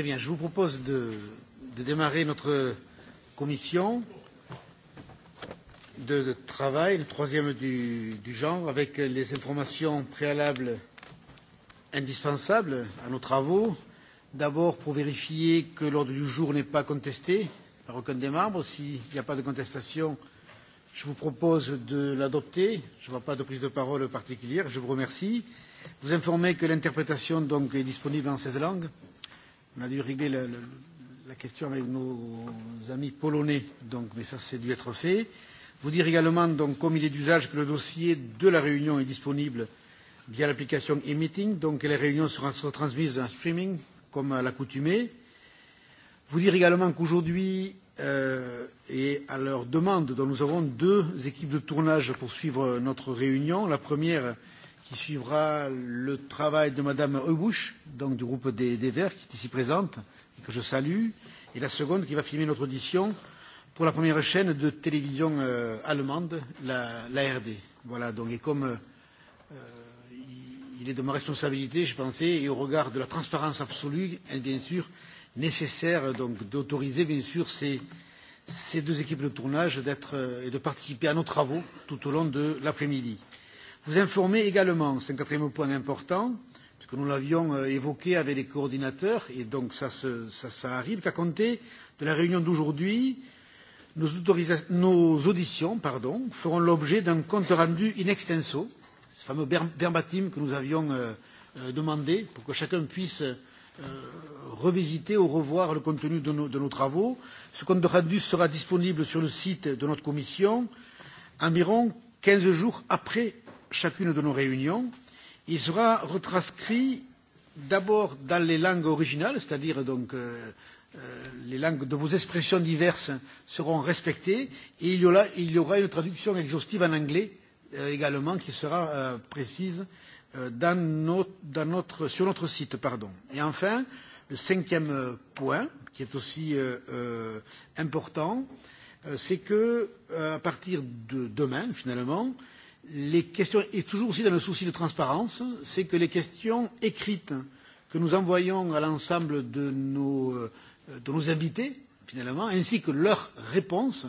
Très bien, je vous propose de, de démarrer notre commission de, de travail, le troisième du, du genre, avec les informations préalables indispensables à nos travaux. D'abord, pour vérifier que l'ordre du jour n'est pas contesté par aucun des membres. S'il n'y a pas de contestation, je vous propose de l'adopter. Je ne vois pas de prise de parole particulière. Je vous remercie. Vous informez que l'interprétation donc est disponible en 16 langues. Euh, on a dû régler la, la, la question avec nos amis polonais, donc, mais ça, c'est dû être fait. Vous dire également, donc, comme il est d'usage, que le dossier de la réunion est disponible via l'application e-meeting, donc les réunions seront, seront transmises en streaming, comme à l'accoutumée. Vous dire également qu'aujourd'hui, euh, et à leur demande, donc, nous avons deux équipes de tournage pour suivre notre réunion. La première, euh, qui suivra le travail de Madame Heubusch, donc du groupe des, des Verts, qui est ici présente et que je salue, et la seconde qui va filmer notre audition pour la première chaîne de télévision euh, allemande, la, la RD. Voilà, donc, et comme euh, il est de ma responsabilité, je pensais, et au regard de la transparence absolue, et bien sûr, nécessaire donc d'autoriser bien sûr ces, ces deux équipes de tournage d'être euh, et de participer à nos travaux tout au long de l'après-midi. Euh, Vous informer également, c'est un quatrième point important, parce que nous l'avions euh, évoqué avec les coordinateurs, et donc ça, se, ça, ça arrive, qu'à compter de la réunion d'aujourd'hui, nos, nos auditions pardon, feront l'objet d'un compte rendu in extenso, ce fameux verbatim que nous avions euh, euh, demandé pour que chacun puisse euh, revisiter ou revoir le contenu de nos, de nos travaux. Ce compte rendu sera disponible sur le site de notre commission environ 15 jours après chacune de nos réunions, il sera retranscrit d'abord dans les langues originales, c'est-à-dire donc euh, euh, les langues de vos expressions diverses seront respectées, et il y aura, il y aura une traduction exhaustive en anglais euh, également qui sera euh, précise euh, dans notre, dans notre, sur notre site. Pardon. Et enfin, le cinquième point, qui est aussi euh, euh, important, euh, c'est que euh, à partir de demain, finalement, euh, les questions, et toujours aussi dans le souci de transparence, c'est que les questions écrites que nous envoyons à l'ensemble de nos, euh, de nos invités, finalement, ainsi que leurs réponses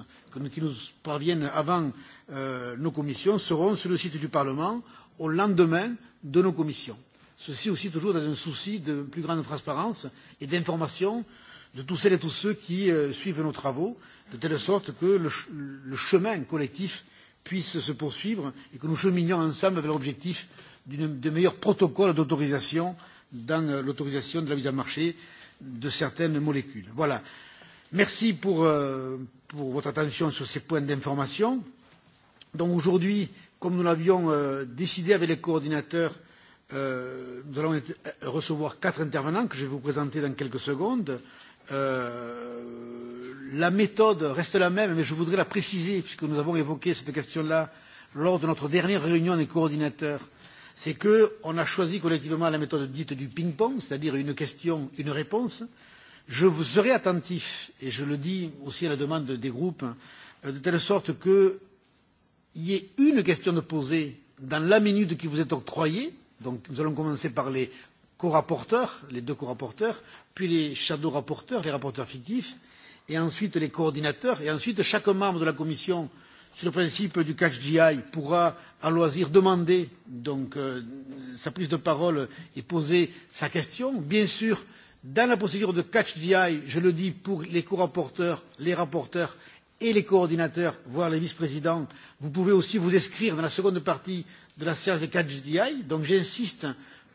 qui nous parviennent avant euh, nos commissions, seront sur le site du Parlement au lendemain de nos commissions. Ceci aussi toujours dans un souci de plus grande transparence et d'information de tous celles et tous ceux qui euh, suivent nos travaux, de telle sorte que le, ch le chemin collectif puisse se poursuivre et que nous cheminions ensemble vers l'objectif de meilleurs protocoles d'autorisation dans euh, l'autorisation de la mise à marché de certaines molécules. Voilà. Merci pour, euh, pour votre attention sur ces points d'information. Donc aujourd'hui, comme nous l'avions euh, décidé avec les coordinateurs, euh, nous allons euh, recevoir quatre intervenants que je vais vous présenter dans quelques secondes. Euh, la méthode reste la même, mais je voudrais la préciser, puisque nous avons évoqué cette question-là lors de notre dernière réunion des coordinateurs. C'est qu'on a choisi collectivement la méthode dite du ping-pong, c'est-à-dire une question, une réponse. Je vous serai attentif, et je le dis aussi à la demande des groupes, euh, de telle sorte qu'il y ait une question de poser dans la minute qui vous est octroyée. Donc nous allons commencer par les corapporteurs, les deux corapporteurs, puis les shadow rapporteurs, les rapporteurs fictifs, et ensuite les coordinateurs, et ensuite chaque membre de la Commission, sur le principe du catch GI, pourra à loisir demander donc, euh, sa prise de parole et poser sa question. Bien sûr, dans la procédure de catch GI, je le dis pour les co-rapporteurs, les rapporteurs et les coordinateurs, voire les vice-présidents, vous pouvez aussi vous inscrire dans la seconde partie de la séance de catch GI. Donc j'insiste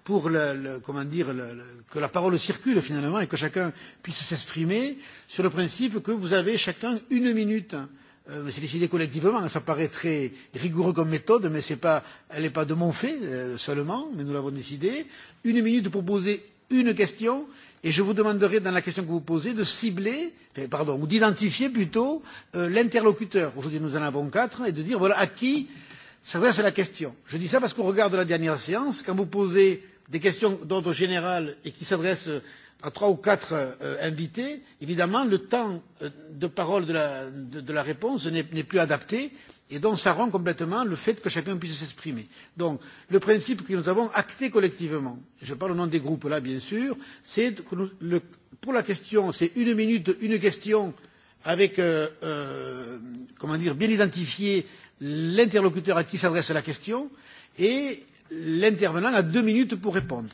pour le, le, comment dire, le, le, que la parole circule finalement et que chacun puisse s'exprimer sur le principe que vous avez chacun une minute. Euh, c'est décidé collectivement, ça paraît très rigoureux comme méthode, mais c'est pas, elle n'est pas de mon fait euh, seulement, mais nous l'avons décidé. Une minute pour poser une question et je vous demanderai dans la question que vous posez de cibler, pardon, ou d'identifier plutôt euh, l'interlocuteur. Aujourd'hui nous en avons quatre et de dire voilà à qui s'adresse la question. Je dis ça parce qu'au regard de la dernière séance, quand vous posez des questions d'ordre général et qui s'adressent à trois ou quatre euh, invités, évidemment, le temps euh, de parole de la, de, de la réponse n'est plus adapté et donc ça rend complètement le fait que chacun puisse s'exprimer. Donc le principe que nous avons acté collectivement, je parle au nom des groupes là bien sûr, c'est que nous, le, pour la question, c'est une minute, une question avec, euh, euh, comment dire, bien identifié l'interlocuteur à qui s'adresse la question et l'intervenant a deux minutes pour répondre.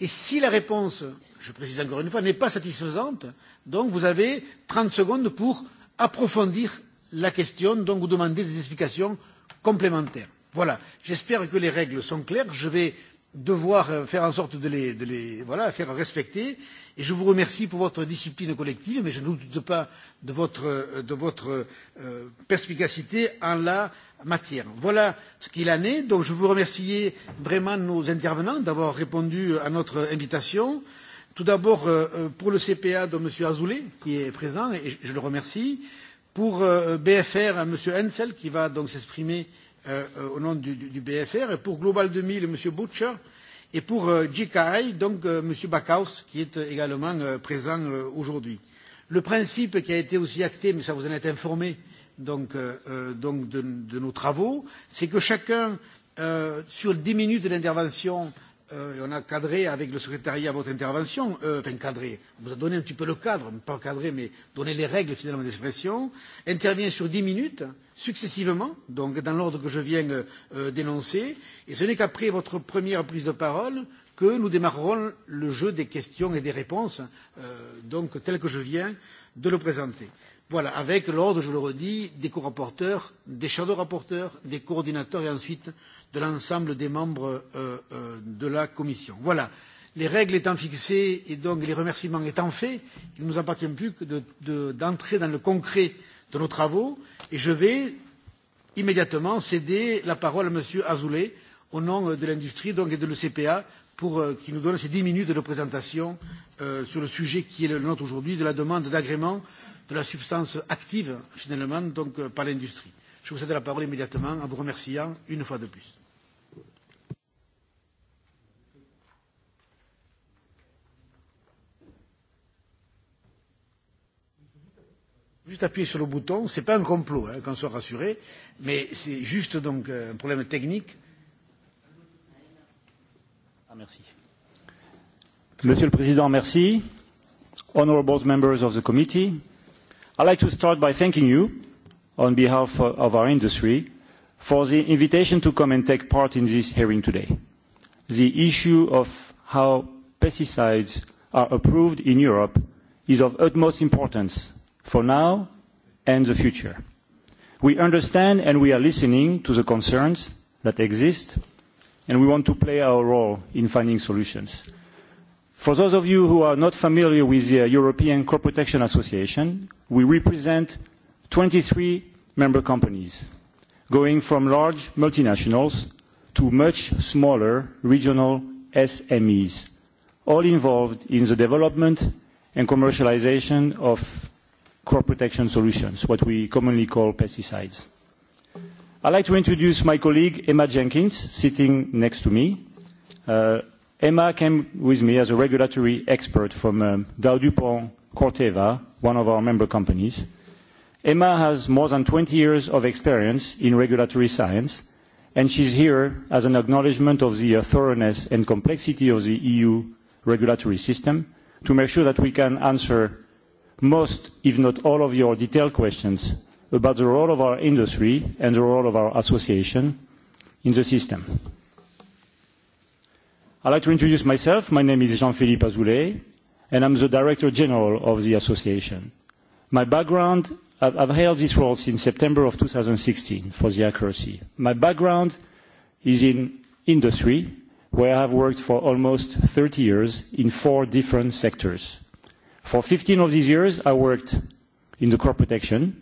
Et si la réponse, je précise encore une fois, n'est pas satisfaisante, donc vous avez 30 secondes pour approfondir la question, donc vous demandez des explications complémentaires. Voilà. J'espère que les règles sont claires. Je vais devoir euh, faire en sorte de les, de les voilà, faire respecter. Et je vous remercie pour votre discipline collective, mais je ne doute pas de votre, euh, de votre euh, perspicacité en la matière. Voilà ce qu'il en est. Donc je vous remercie vraiment nos intervenants d'avoir répondu à notre invitation. Tout d'abord euh, euh pour le CPA de M. Azoulay, qui est présent, et je le remercie. Pour euh, BFR, M. Hensel, qui va donc s'exprimer euh, euh au nom du, du BFR. Et pour Global 2000, M. Butcher. Et pour euh, GKI, donc euh, M. Backhaus, qui est euh, également euh, présent euh, aujourd'hui. Le principe qui a été aussi acté, mais ça vous en êtes informé, euh, donc, euh, euh, donc de, de nos travaux, c'est que chacun, euh, sur dix minutes d'intervention, euh, et on a cadré avec le secrétariat votre intervention, euh, enfin cadré, on vous a donné un petit peu le cadre, pas cadré, mais donné les règles finalement d'expression, intervient sur dix minutes, successivement, donc dans l'ordre que je viens euh, d'énoncer, et ce n'est qu'après votre première prise de parole que nous démarrerons le jeu des questions et des réponses, euh, donc tel que je viens de le présenter. Voilà, avec l'ordre, je le redis, des co-rapporteurs, des shadow rapporteurs, des coordinateurs et ensuite de l'ensemble des membres euh, euh, de la Commission. Voilà. Les règles étant fixées et donc les remerciements étant faits, il ne nous appartient plus que d'entrer de, de, dans le concret de nos travaux et je vais immédiatement céder la parole à M. Azoulay au nom euh, de l'industrie donc, et de l'ECPA pour euh, qu'il nous donne ces dix minutes de présentation euh, sur le sujet qui est le nôtre aujourd'hui de la demande d'agrément de la substance active, finalement, donc euh, par l'industrie. Je vous cède la parole immédiatement en vous remerciant une fois de plus. juste appuyer sur le bouton. Ce n'est pas un complot, hein, qu'on soit rassuré, mais c'est juste donc euh, un problème technique. Ah, merci. Monsieur le Président, merci. Honourable members of the committee, I'd like to start by thanking you on behalf of our industry for the invitation to come and take part in this hearing today. The issue of how pesticides are approved in Europe is of utmost importance for now and the future. We understand and we are listening to the concerns that exist, and we want to play our role in finding solutions. For those of you who are not familiar with the European Crop Protection Association, we represent 23 member companies, going from large multinationals to much smaller regional SMEs, all involved in the development and commercialization of crop protection solutions, what we commonly call pesticides. I'd like to introduce my colleague, Emma Jenkins, sitting next to me. Uh, Emma came with me as a regulatory expert from um, Dow DuPont Corteva, one of our member companies. Emma has more than 20 years of experience in regulatory science, and she's here as an acknowledgement of the uh, thoroughness and complexity of the EU regulatory system to make sure that we can answer most, if not all, of your detailed questions about the role of our industry and the role of our association in the system. I'd like to introduce myself. My name is Jean-Philippe Azoulay, and I'm the Director General of the association. My background, I've, I've held this role since September of 2016 for the accuracy. My background is in industry, where I have worked for almost 30 years in four different sectors. For 15 of these years, I worked in the crop protection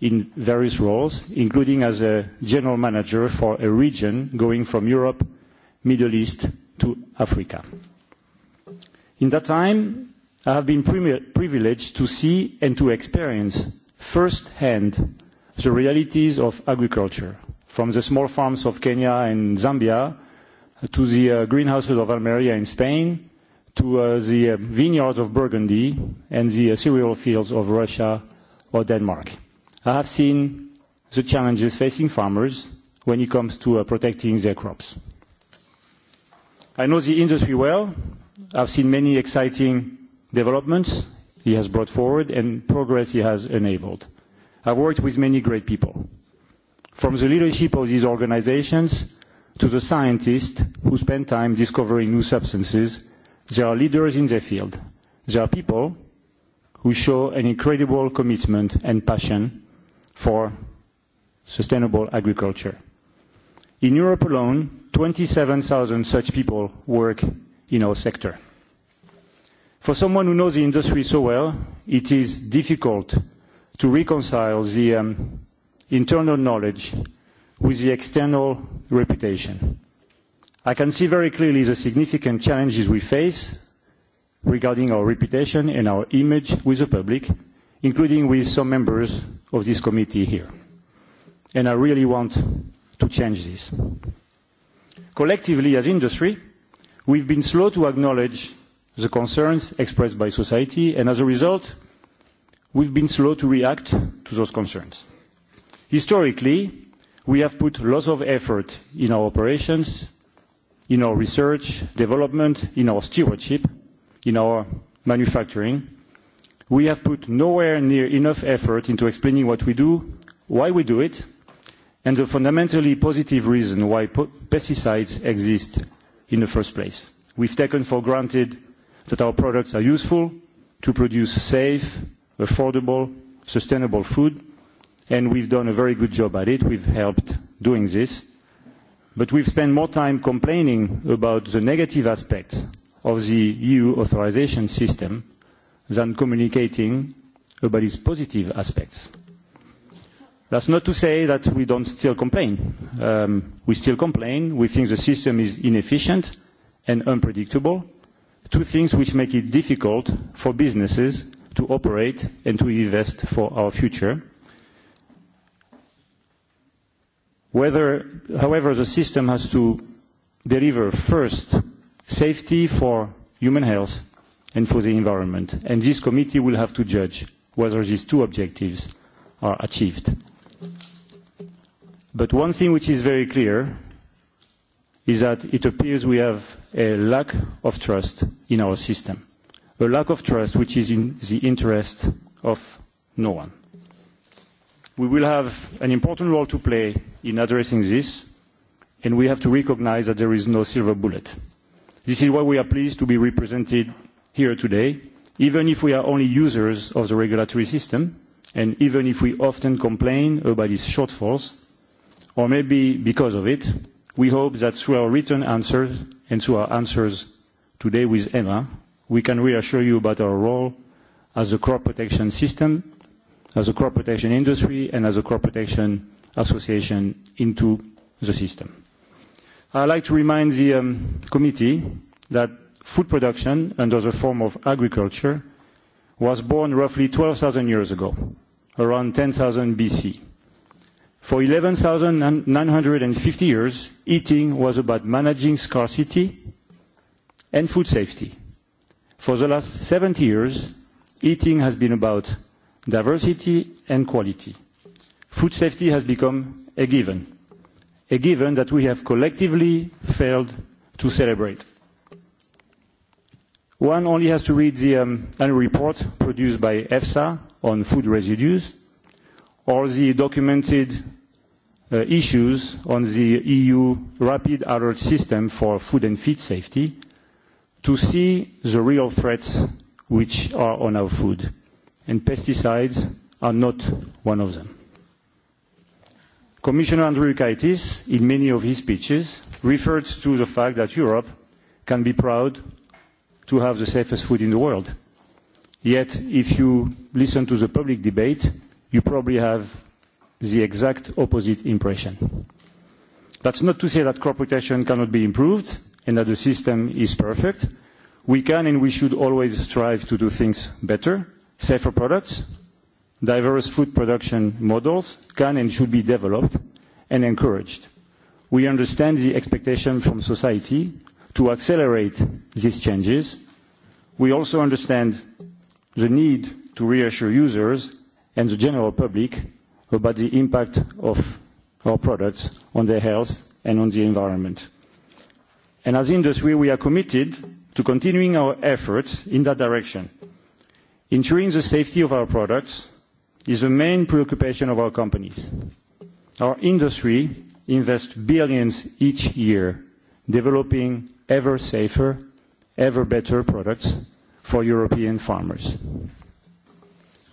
in various roles, including as a general manager for a region going from Europe, Middle East, to Africa. In that time, I have been privileged to see and to experience firsthand the realities of agriculture, from the small farms of Kenya and Zambia to the uh, greenhouses of Almeria in Spain, to uh, the uh, vineyards of Burgundy and the uh, cereal fields of Russia or Denmark. I have seen the challenges facing farmers when it comes to uh, protecting their crops. I know the industry well. I've seen many exciting developments he has brought forward and progress he has enabled. I've worked with many great people, from the leadership of these organizations to the scientists who spend time discovering new substances. They are leaders in their field. They are people who show an incredible commitment and passion for sustainable agriculture. In Europe alone, 27,000 such people work in our sector. For someone who knows the industry so well, it is difficult to reconcile the um, internal knowledge with the external reputation. I can see very clearly the significant challenges we face regarding our reputation and our image with the public, including with some members of this committee here. And I really want to change this. Collectively, as industry, we've been slow to acknowledge the concerns expressed by society, and as a result, we've been slow to react to those concerns. Historically, we have put lots of effort in our operations, in our research, development, in our stewardship, in our manufacturing. We have put nowhere near enough effort into explaining what we do, why we do it, and the fundamentally positive reason why pesticides exist in the first place. We've taken for granted that our products are useful to produce safe, affordable, sustainable food, and we've done a very good job at it. We've helped doing this. But we've spent more time complaining about the negative aspects of the EU authorization system than communicating about its positive aspects. That's not to say that we don't still complain. Um, we still complain. We think the system is inefficient and unpredictable, two things which make it difficult for businesses to operate and to invest for our future. Whether, however, the system has to deliver first safety for human health and for the environment, and this committee will have to judge whether these two objectives are achieved But one thing which is very clear is that it appears we have a lack of trust in our system, a lack of trust which is in the interest of no one. We will have an important role to play in addressing this, and we have to recognize that there is no silver bullet. This is why we are pleased to be represented here today, even if we are only users of the regulatory system, and even if we often complain about its shortfalls, Or maybe because of it, we hope that through our written answers and through our answers today with Emma, we can reassure you about our role as a crop protection system, as a crop protection industry, and as a crop protection association into the system. I'd like to remind the um, committee that food production under the form of agriculture was born roughly 12,000 years ago, around 10,000 BC For 11,950 years, eating was about managing scarcity and food safety. For the last 70 years, eating has been about diversity and quality. Food safety has become a given, a given that we have collectively failed to celebrate. One only has to read the um, annual report produced by EFSA on food residues or the documented uh, issues on the EU rapid alert system for food and feed safety to see the real threats which are on our food. And pesticides are not one of them. Commissioner Andriukaitis, in many of his speeches, referred to the fact that Europe can be proud to have the safest food in the world. Yet, if you listen to the public debate, you probably have the exact opposite impression. That's not to say that crop protection cannot be improved and that the system is perfect. We can and we should always strive to do things better. Safer products, diverse food production models can and should be developed and encouraged. We understand the expectation from society to accelerate these changes. We also understand the need to reassure users and the general public about the impact of our products on their health and on the environment. And as industry, we are committed to continuing our efforts in that direction. Ensuring the safety of our products is the main preoccupation of our companies. Our industry invests billions each year developing ever safer, ever better products for European farmers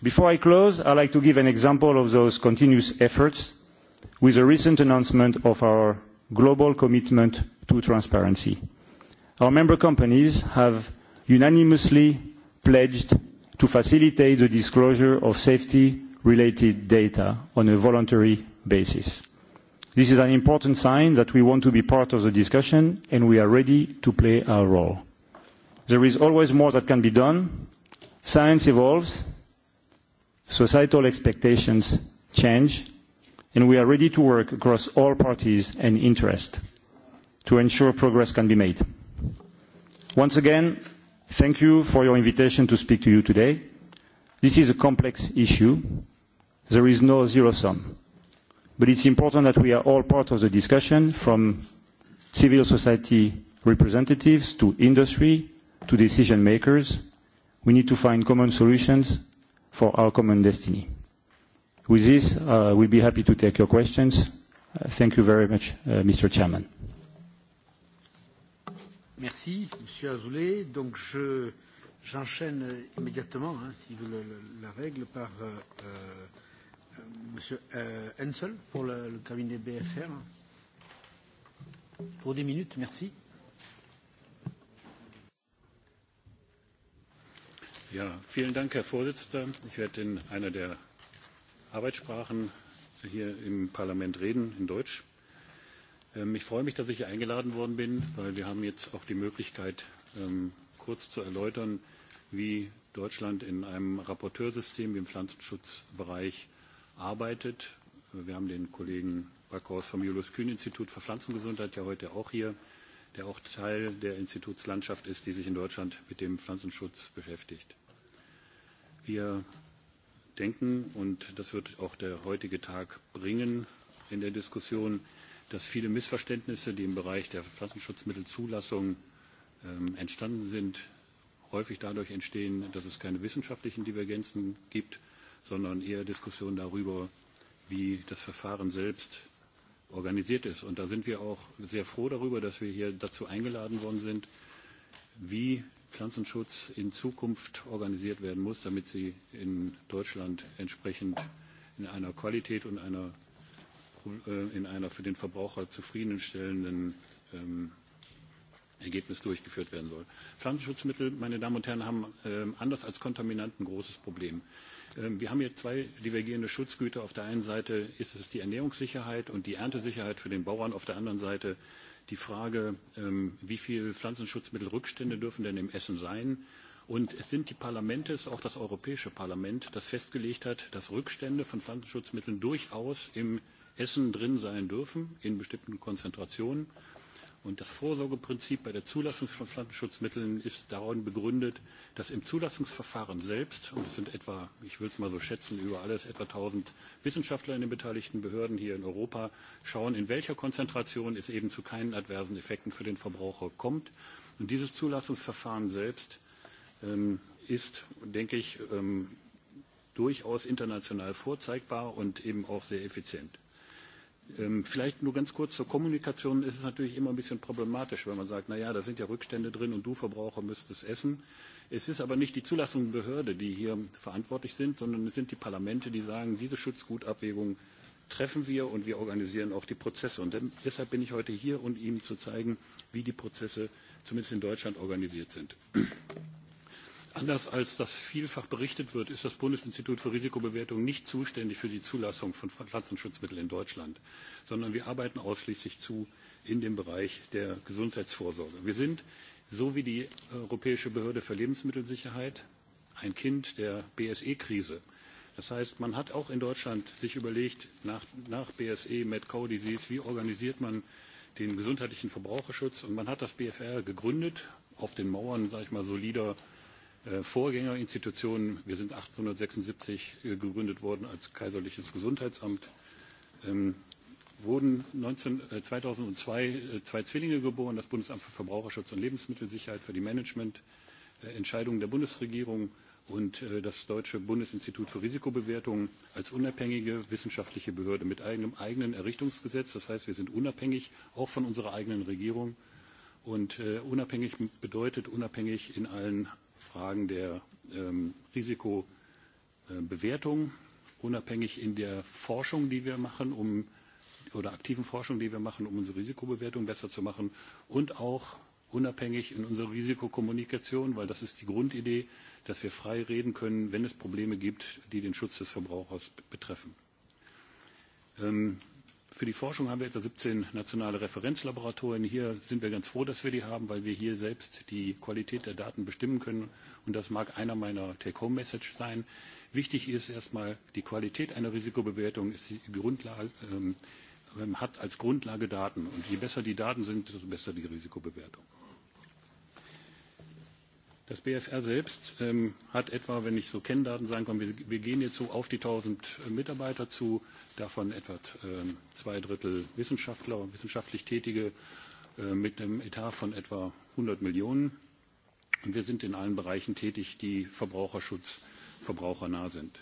before i close i would like to give an example of those continuous efforts with the recent announcement of our global commitment to transparency. our member companies have unanimously pledged to facilitate the disclosure of safety related data on a voluntary basis. This is an important sign that we want to be part of the discussion and we are ready to play our role. There is always more that can be done. Science evolves, Societal expectations change, and we are ready to work across all parties and interests to ensure progress can be made. Once again, thank you for your invitation to speak to you today. This is a complex issue. There is no zero sum. But it's important that we are all part of the discussion, from civil society representatives to industry to decision makers. We need to find common solutions for our common destiny. With this, uh, we'll be happy to take your questions. Uh, thank you very much, uh, Mr. Chairman. Merci, Monsieur Azoulay. Donc, je, j'enchaîne immédiatement, hein, si vous le, la règle, par euh, euh, Monsieur euh, Hensel pour le, le cabinet BFR. Pour 10 minutes, merci. Euh, Ja, vielen Dank, Herr Vorsitzender. Ich werde in einer der Arbeitssprachen hier im Parlament reden, in Deutsch. Ähm, ich freue mich, dass ich hier eingeladen worden bin, weil wir haben jetzt auch die Möglichkeit, ähm, kurz zu erläutern, wie Deutschland in einem Rapporteursystem im Pflanzenschutzbereich arbeitet. Wir haben den Kollegen Backhaus vom Julius Kühn Institut für Pflanzengesundheit ja heute auch hier, der auch Teil der Institutslandschaft ist, die sich in Deutschland mit dem Pflanzenschutz beschäftigt. Wir denken, und das wird auch der heutige Tag bringen in der Diskussion, dass viele Missverständnisse, die im Bereich der Pflanzenschutzmittelzulassung ähm, entstanden sind, häufig dadurch entstehen, dass es keine wissenschaftlichen Divergenzen gibt, sondern eher Diskussionen darüber, wie das Verfahren selbst organisiert ist. Und da sind wir auch sehr froh darüber, dass wir hier dazu eingeladen worden sind, wie Pflanzenschutz in Zukunft organisiert werden muss, damit sie in Deutschland entsprechend in einer Qualität und einer, äh, in einer für den Verbraucher zufriedenstellenden ähm, Ergebnis durchgeführt werden soll. Pflanzenschutzmittel, meine Damen und Herren, haben äh, anders als Kontaminanten ein großes Problem. Ähm, wir haben hier zwei divergierende Schutzgüter. Auf der einen Seite ist es die Ernährungssicherheit und die Erntesicherheit für den Bauern, auf der anderen Seite die Frage, ähm, wie viel Pflanzenschutzmittelrückstände dürfen denn im Essen sein? Und es sind die Parlamente, es ist auch das Europäische Parlament, das festgelegt hat, dass Rückstände von Pflanzenschutzmitteln durchaus im Essen drin sein dürfen, in bestimmten Konzentrationen. Und das Vorsorgeprinzip bei der Zulassung von Pflanzenschutzmitteln ist darin begründet, dass im Zulassungsverfahren selbst, und es sind etwa, ich würde es mal so schätzen, über alles etwa 1000 Wissenschaftler in den beteiligten Behörden hier in Europa, schauen, in welcher Konzentration es eben zu keinen adversen Effekten für den Verbraucher kommt. Und dieses Zulassungsverfahren selbst ähm, ist, denke ich, ähm, durchaus international vorzeigbar und eben auch sehr effizient. Ähm, vielleicht nur ganz kurz zur Kommunikation ist es natürlich immer ein bisschen problematisch, wenn man sagt, na ja, da sind ja Rückstände drin und du Verbraucher müsst es essen. Es ist aber nicht die Zulassungsbehörde, die hier verantwortlich sind, sondern es sind die Parlamente, die sagen, diese Schutzgutabwägung treffen wir und wir organisieren auch die Prozesse. Und deshalb bin ich heute hier, um Ihnen zu zeigen, wie die Prozesse zumindest in Deutschland organisiert sind. Anders als das vielfach berichtet wird, ist das Bundesinstitut für Risikobewertung nicht zuständig für die Zulassung von Pflanzenschutzmitteln in Deutschland, sondern wir arbeiten ausschließlich zu in dem Bereich der Gesundheitsvorsorge. Wir sind, so wie die Europäische Behörde für Lebensmittelsicherheit, ein Kind der BSE-Krise. Das heißt, man hat auch in Deutschland sich überlegt, nach, nach BSE, Mad-Cow-Disease, wie organisiert man den gesundheitlichen Verbraucherschutz? Und man hat das BFR gegründet, auf den Mauern, sage ich mal, solider Äh, Vorgängerinstitutionen. Wir sind 1876 äh, gegründet worden als Kaiserliches Gesundheitsamt. Ähm, wurden 19, äh, 2002 äh, zwei Zwillinge geboren, das Bundesamt für Verbraucherschutz und Lebensmittelsicherheit für die Managemententscheidungen äh, der Bundesregierung und äh, das Deutsche Bundesinstitut für Risikobewertung als unabhängige wissenschaftliche Behörde mit eigenem eigenen Errichtungsgesetz. Das heißt, wir sind unabhängig, auch von unserer eigenen Regierung. Und äh, unabhängig bedeutet unabhängig in allen Fragen der ähm, Risikobewertung, äh, unabhängig in der Forschung, die wir machen, um oder aktiven Forschung, die wir machen, um unsere Risikobewertung besser zu machen und auch unabhängig in unserer Risikokommunikation, weil das ist die Grundidee, dass wir frei reden können, wenn es Probleme gibt, die den Schutz des Verbrauchers betreffen. Ähm, Für die Forschung haben wir etwa 17 nationale Referenzlaboratorien. Hier sind wir ganz froh, dass wir die haben, weil wir hier selbst die Qualität der Daten bestimmen können. Und das mag einer meiner Take-Home-Message sein. Wichtig ist erstmal, die Qualität einer Risikobewertung ist die Grundlage, ähm, hat als Grundlage Daten. Und je besser die Daten sind, desto besser die Risikobewertung. Das BFR selbst ähm, hat etwa, wenn ich so Kenndaten sagen kann, wir, wir gehen jetzt so auf die 1000 äh, Mitarbeiter zu, davon etwa ähm, zwei Drittel Wissenschaftler, wissenschaftlich Tätige äh, mit einem Etat von etwa 100 Millionen. Und wir sind in allen Bereichen tätig, die Verbraucherschutz, verbrauchernah sind.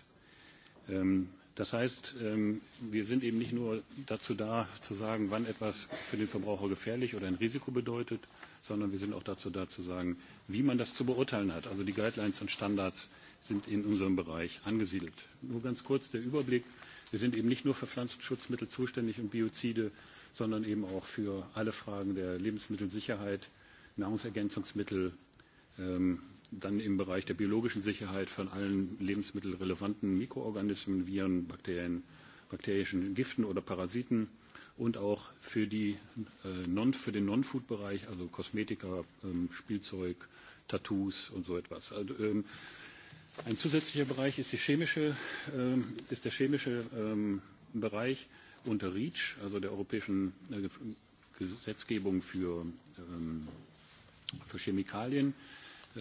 Ähm, Das heißt, ähm, wir sind eben nicht nur dazu da, zu sagen, wann etwas für den Verbraucher gefährlich oder ein Risiko bedeutet, sondern wir sind auch dazu da, zu sagen, wie man das zu beurteilen hat. Also die Guidelines und Standards sind in unserem Bereich angesiedelt. Nur ganz kurz der Überblick. Wir sind eben nicht nur für Pflanzenschutzmittel zuständig und Biozide, sondern eben auch für alle Fragen der Lebensmittelsicherheit, Nahrungsergänzungsmittel, ähm, dann im Bereich der biologischen Sicherheit von allen lebensmittelrelevanten Mikroorganismen, Viren, Bakterien, bakterischen Giften oder Parasiten und auch für, die, äh, non, für den Non-Food-Bereich, also Kosmetika, ähm, Spielzeug, Tattoos und so etwas. Also, ähm, ein zusätzlicher Bereich ist, die chemische, ähm, ist der chemische ähm, Bereich unter REACH, also der europäischen äh, Gesetzgebung für, ähm, für Chemikalien. Äh,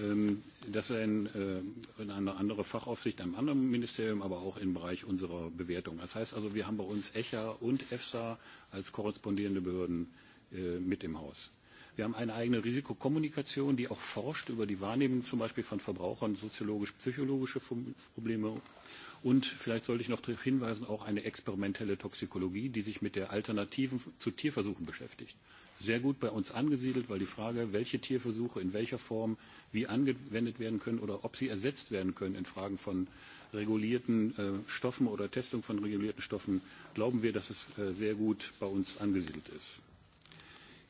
Ähm, dass er in, äh, in eine andere Fachaufsicht einem anderen Ministerium, aber auch im Bereich unserer Bewertung. Das heißt also, wir haben bei uns ECHA und EFSA als korrespondierende Behörden äh, mit im Haus. Wir haben eine eigene Risikokommunikation, die auch forscht über die Wahrnehmung zum Beispiel von Verbrauchern, soziologisch-psychologische Probleme. Und vielleicht sollte ich noch darauf hinweisen, auch eine experimentelle Toxikologie, die sich mit der Alternativen zu Tierversuchen beschäftigt sehr gut bei uns angesiedelt, weil die Frage, welche Tierversuche in welcher Form wie angewendet werden können oder ob sie ersetzt werden können in Fragen von regulierten äh, Stoffen oder Testung von regulierten Stoffen, glauben wir, dass es äh, sehr gut bei uns angesiedelt ist.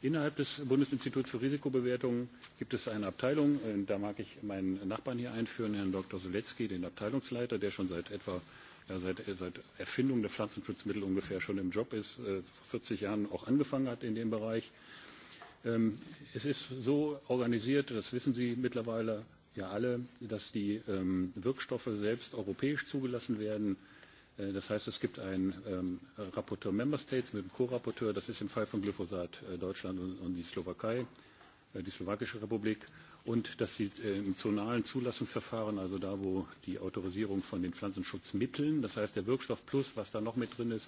Innerhalb des Bundesinstituts für Risikobewertung gibt es eine Abteilung, und da mag ich meinen Nachbarn hier einführen, Herrn Dr. Soletzky, den Abteilungsleiter, der schon seit etwa ja seit, seit Erfindung der Pflanzenschutzmittel ungefähr schon im Job ist, äh, vor 40 Jahren auch angefangen hat in dem Bereich. Ähm, es ist so organisiert, das wissen Sie mittlerweile ja alle, dass die ähm, Wirkstoffe selbst europäisch zugelassen werden. Äh, das heißt, es gibt einen ähm, Rapporteur Member States mit einem Co-Rapporteur. Das ist im Fall von Glyphosat äh, Deutschland und, und die Slowakei, äh, die Slowakische Republik und dass sie äh, im zonalen Zulassungsverfahren, also da, wo die Autorisierung von den Pflanzenschutzmitteln, das heißt der Wirkstoff plus, was da noch mit drin ist,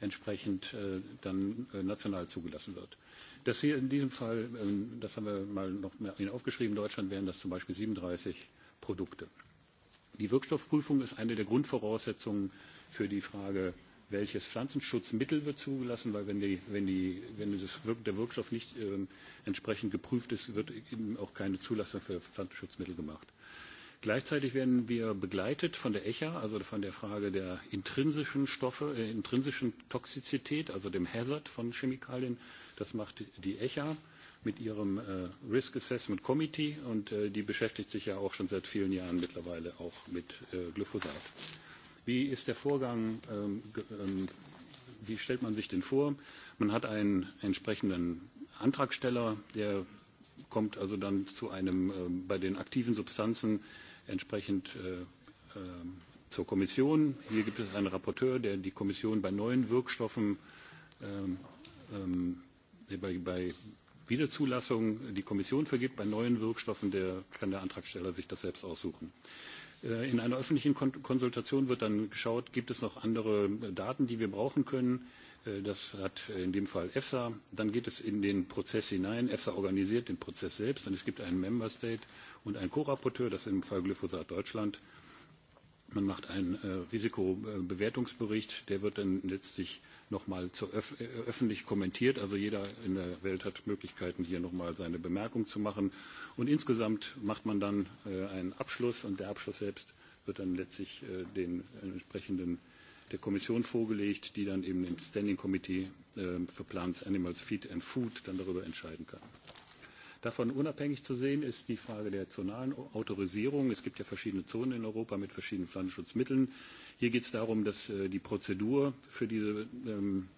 entsprechend äh, dann äh, national zugelassen wird. Das hier in diesem Fall, ähm, das haben wir mal noch mehr aufgeschrieben, in Deutschland wären das zum Beispiel 37 Produkte. Die Wirkstoffprüfung ist eine der Grundvoraussetzungen für die Frage welches Pflanzenschutzmittel wird zugelassen, weil wenn, die, wenn, die, wenn das, der Wirkstoff nicht ähm, entsprechend geprüft ist, wird eben auch keine Zulassung für Pflanzenschutzmittel gemacht. Gleichzeitig werden wir begleitet von der ECHA, also von der Frage der intrinsischen Stoffe, äh, intrinsischen Toxizität, also dem Hazard von Chemikalien. Das macht die ECHA mit ihrem äh, Risk Assessment Committee und äh, die beschäftigt sich ja auch schon seit vielen Jahren mittlerweile auch mit äh, Glyphosat. Äh, Wie ist der Vorgang, ähm, ähm, wie stellt man sich den vor? Man hat einen entsprechenden Antragsteller, der kommt also dann zu einem äh, bei den aktiven Substanzen entsprechend äh, äh, zur Kommission. Hier gibt es einen Rapporteur, der die Kommission bei neuen Wirkstoffen ähm, ähm, äh, bei, bei Wiederzulassung die Kommission vergibt. Bei neuen Wirkstoffen der, kann der Antragsteller sich das selbst aussuchen. Äh, in einer öffentlichen Konsultation wird dann geschaut, gibt es noch andere äh, Daten, die wir brauchen können. Äh, das hat in dem Fall EFSA. Dann geht es in den Prozess hinein. EFSA organisiert den Prozess selbst und es gibt einen Member State und einen Co-Rapporteur, das ist im Fall Glyphosat Deutschland. Man macht einen äh, Risikobewertungsbericht, der wird dann letztlich nochmal öf äh, öffentlich kommentiert. Also jeder in der Welt hat Möglichkeiten, hier nochmal seine Bemerkung zu machen. Und insgesamt macht man dann äh, einen Abschluss und der Abschluss selbst wird dann letztlich äh, den entsprechenden der Kommission vorgelegt, die dann eben im Standing Committee äh, für Plants, Animals, Feed and Food dann darüber entscheiden kann. Davon unabhängig zu sehen ist die Frage der zonalen Autorisierung. Es gibt ja verschiedene Zonen in Europa mit verschiedenen Pflanzenschutzmitteln. Hier geht es darum, dass äh, die Prozedur für, diese, ähm,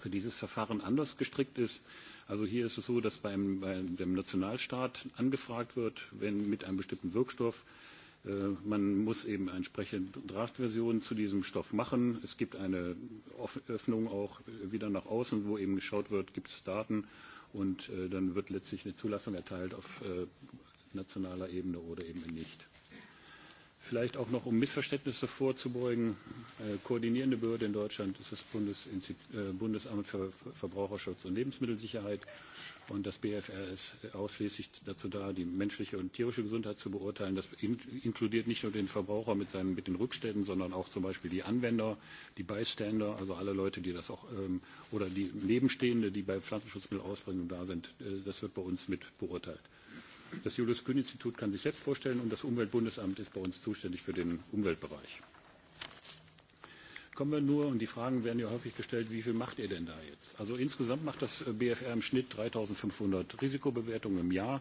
für dieses Verfahren anders gestrickt ist. Also hier ist es so, dass beim, bei dem Nationalstaat angefragt wird, wenn mit einem bestimmten Wirkstoff äh, man muss eben eine entsprechende Draftversion zu diesem Stoff machen. Es gibt eine Öffnung auch wieder nach außen, wo eben geschaut wird, gibt es Daten. Äh, Und äh, dann wird letztlich eine Zulassung erteilt auf äh, nationaler Ebene oder eben nicht. Vielleicht auch noch, um Missverständnisse vorzubeugen, äh, koordinierende Behörde in Deutschland ist das Bundesinsti äh, Bundesamt für Verbraucherschutz und Lebensmittelsicherheit. Und das BFR ist äh, ausschließlich dazu da, die menschliche und tierische Gesundheit zu beurteilen. Das in inkludiert nicht nur den Verbraucher mit, seinen, mit den Rückständen, sondern auch zum Beispiel die Anwender, die Beiständer, also alle Leute, die das auch, ähm, oder die Nebenstehende, die bei Pflanzenschutzmittel ausbringen und da sind. Äh, das wird bei uns mit beurteilt. Das Julius-Kühn-Institut kann sich selbst vorstellen und das Umweltbundesamt ist bei uns zuständig für den Umweltbereich. Kommen wir nur, und die Fragen werden ja häufig gestellt, wie viel macht ihr denn da jetzt? Also insgesamt macht das äh, BFR im Schnitt 3500 Risikobewertungen im Jahr.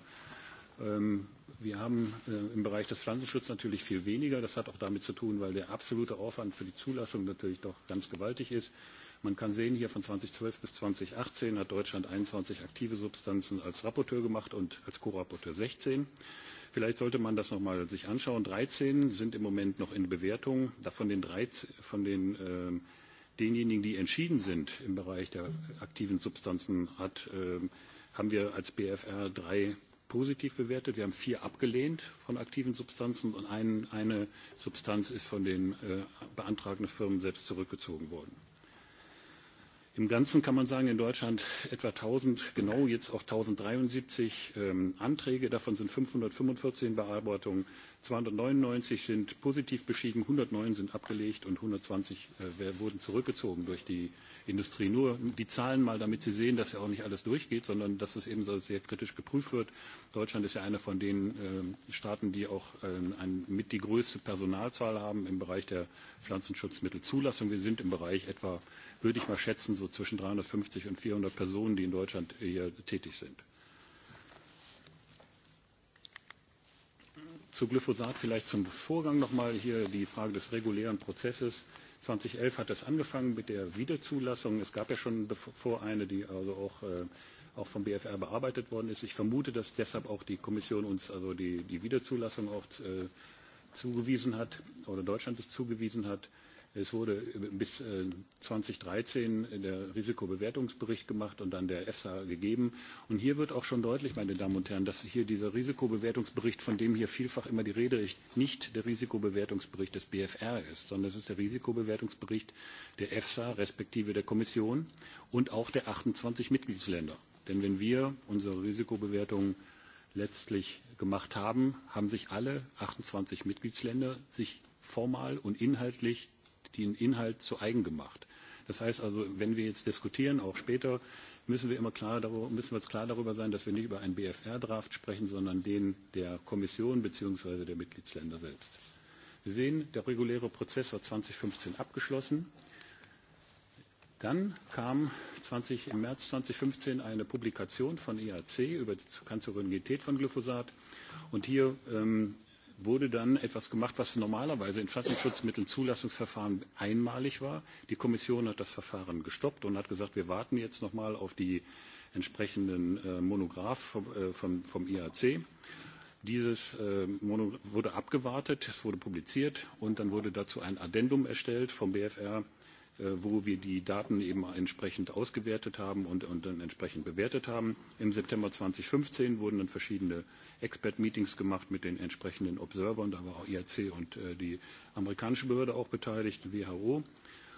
Ähm, wir haben äh, im Bereich des Pflanzenschutzes natürlich viel weniger. Das hat auch damit zu tun, weil der absolute Aufwand für die Zulassung natürlich doch ganz gewaltig ist. Man kann sehen, hier von 2012 bis 2018 hat Deutschland 21 aktive Substanzen als Rapporteur gemacht und als Co-Rapporteur 16. Vielleicht sollte man das nochmal sich anschauen. 13 sind im Moment noch in Bewertung. Davon den 13, von den, äh, denjenigen, die entschieden sind im Bereich der aktiven Substanzen, hat, äh, haben wir als BFR drei positiv bewertet. Wir haben vier abgelehnt von aktiven Substanzen und ein, eine Substanz ist von den äh, beantragenden Firmen selbst zurückgezogen worden. Im Ganzen kann man sagen, in Deutschland etwa 1000, genau jetzt auch 1073 ähm, Anträge, davon sind 545 Bearbeitungen, 299 sind positiv beschieden, 109 sind abgelegt und 120 äh, wurden zurückgezogen durch die Industrie. Nur die Zahlen mal, damit Sie sehen, dass ja auch nicht alles durchgeht, sondern dass es eben so sehr kritisch geprüft wird. Deutschland ist ja einer von den äh, Staaten, die auch äh, ein, mit die größte Personalzahl haben im Bereich der Pflanzenschutzmittelzulassung. Wir sind im Bereich etwa, würde ich mal schätzen, so zwischen 350 und 400 Personen, die in Deutschland hier tätig sind. Zu Glyphosat vielleicht zum Vorgang nochmal hier die Frage des regulären Prozesses. 2011 hat das angefangen mit der Wiederzulassung. Es gab ja schon bevor eine, die also auch, äh, auch vom BFR bearbeitet worden ist. Ich vermute, dass deshalb auch die Kommission uns also die, die Wiederzulassung auch äh, zugewiesen hat oder Deutschland es zugewiesen hat. Äh, Es wurde bis 2013 äh, der Risikobewertungsbericht gemacht und dann der EFSA gegeben. Und hier wird auch schon deutlich, meine Damen und Herren, dass hier dieser Risikobewertungsbericht, von dem hier vielfach immer die Rede ist, nicht der Risikobewertungsbericht des BFR ist, sondern es ist der Risikobewertungsbericht der EFSA respektive der Kommission und auch der 28 Mitgliedsländer. Denn wenn wir unsere Risikobewertung letztlich gemacht haben, haben sich alle 28 Mitgliedsländer sich formal und inhaltlich den Inhalt zu eigen gemacht. Das heißt also, wenn wir jetzt diskutieren, auch später, müssen wir immer klar darüber, müssen wir uns klar darüber sein, dass wir nicht über einen BFR-Draft sprechen, sondern den der Kommission bzw. der Mitgliedsländer selbst. Sie sehen, der reguläre Prozess war 2015 abgeschlossen. Dann kam 20, im März 2015 eine Publikation von EAC über die Kanzerogенität von Glyphosat. Und hier ähm, wurde dann etwas gemacht, was normalerweise in Pflanzenschutzmitteln Zulassungsverfahren einmalig war. Die Kommission hat das Verfahren gestoppt und hat gesagt, wir warten jetzt nochmal auf die entsprechenden äh, Monograph vom, äh, vom, vom IAC. Dieses äh, Mono wurde abgewartet, es wurde publiziert und dann wurde dazu ein Addendum erstellt vom BFR Äh, wo wir die Daten eben entsprechend ausgewertet haben und, und dann entsprechend bewertet haben. Im September 2015 wurden dann verschiedene Expert-Meetings gemacht mit den entsprechenden Observern. Da war auch IAC und äh, die amerikanische Behörde auch beteiligt, WHO.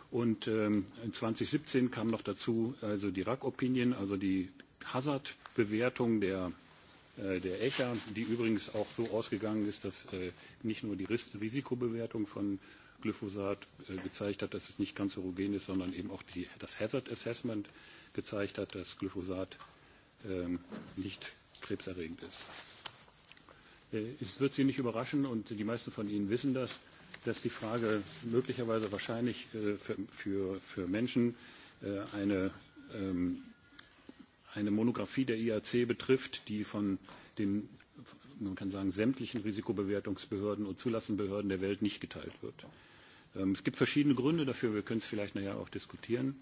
Und ähm, 2017 kam noch dazu also die RAC-Opinion, also die Hazard-Bewertung der äh, der ECHA, die übrigens auch so ausgegangen ist, dass äh, nicht nur die Ris Risikobewertung von Glyphosat äh, gezeigt hat, dass es nicht kanzerogen ist, sondern eben auch die, das Hazard Assessment gezeigt hat, dass Glyphosat ähm, nicht krebserregend ist. Äh, es wird Sie nicht überraschen, und die meisten von Ihnen wissen das, dass die Frage möglicherweise wahrscheinlich äh, für, für, für Menschen äh, eine, ähm, eine Monographie der IAC betrifft, die von den man kann sagen, sämtlichen Risikobewertungsbehörden und Zulassenbehörden der Welt nicht geteilt wird. Ähm, es gibt verschiedene Gründe dafür, wir können es vielleicht nachher auch diskutieren,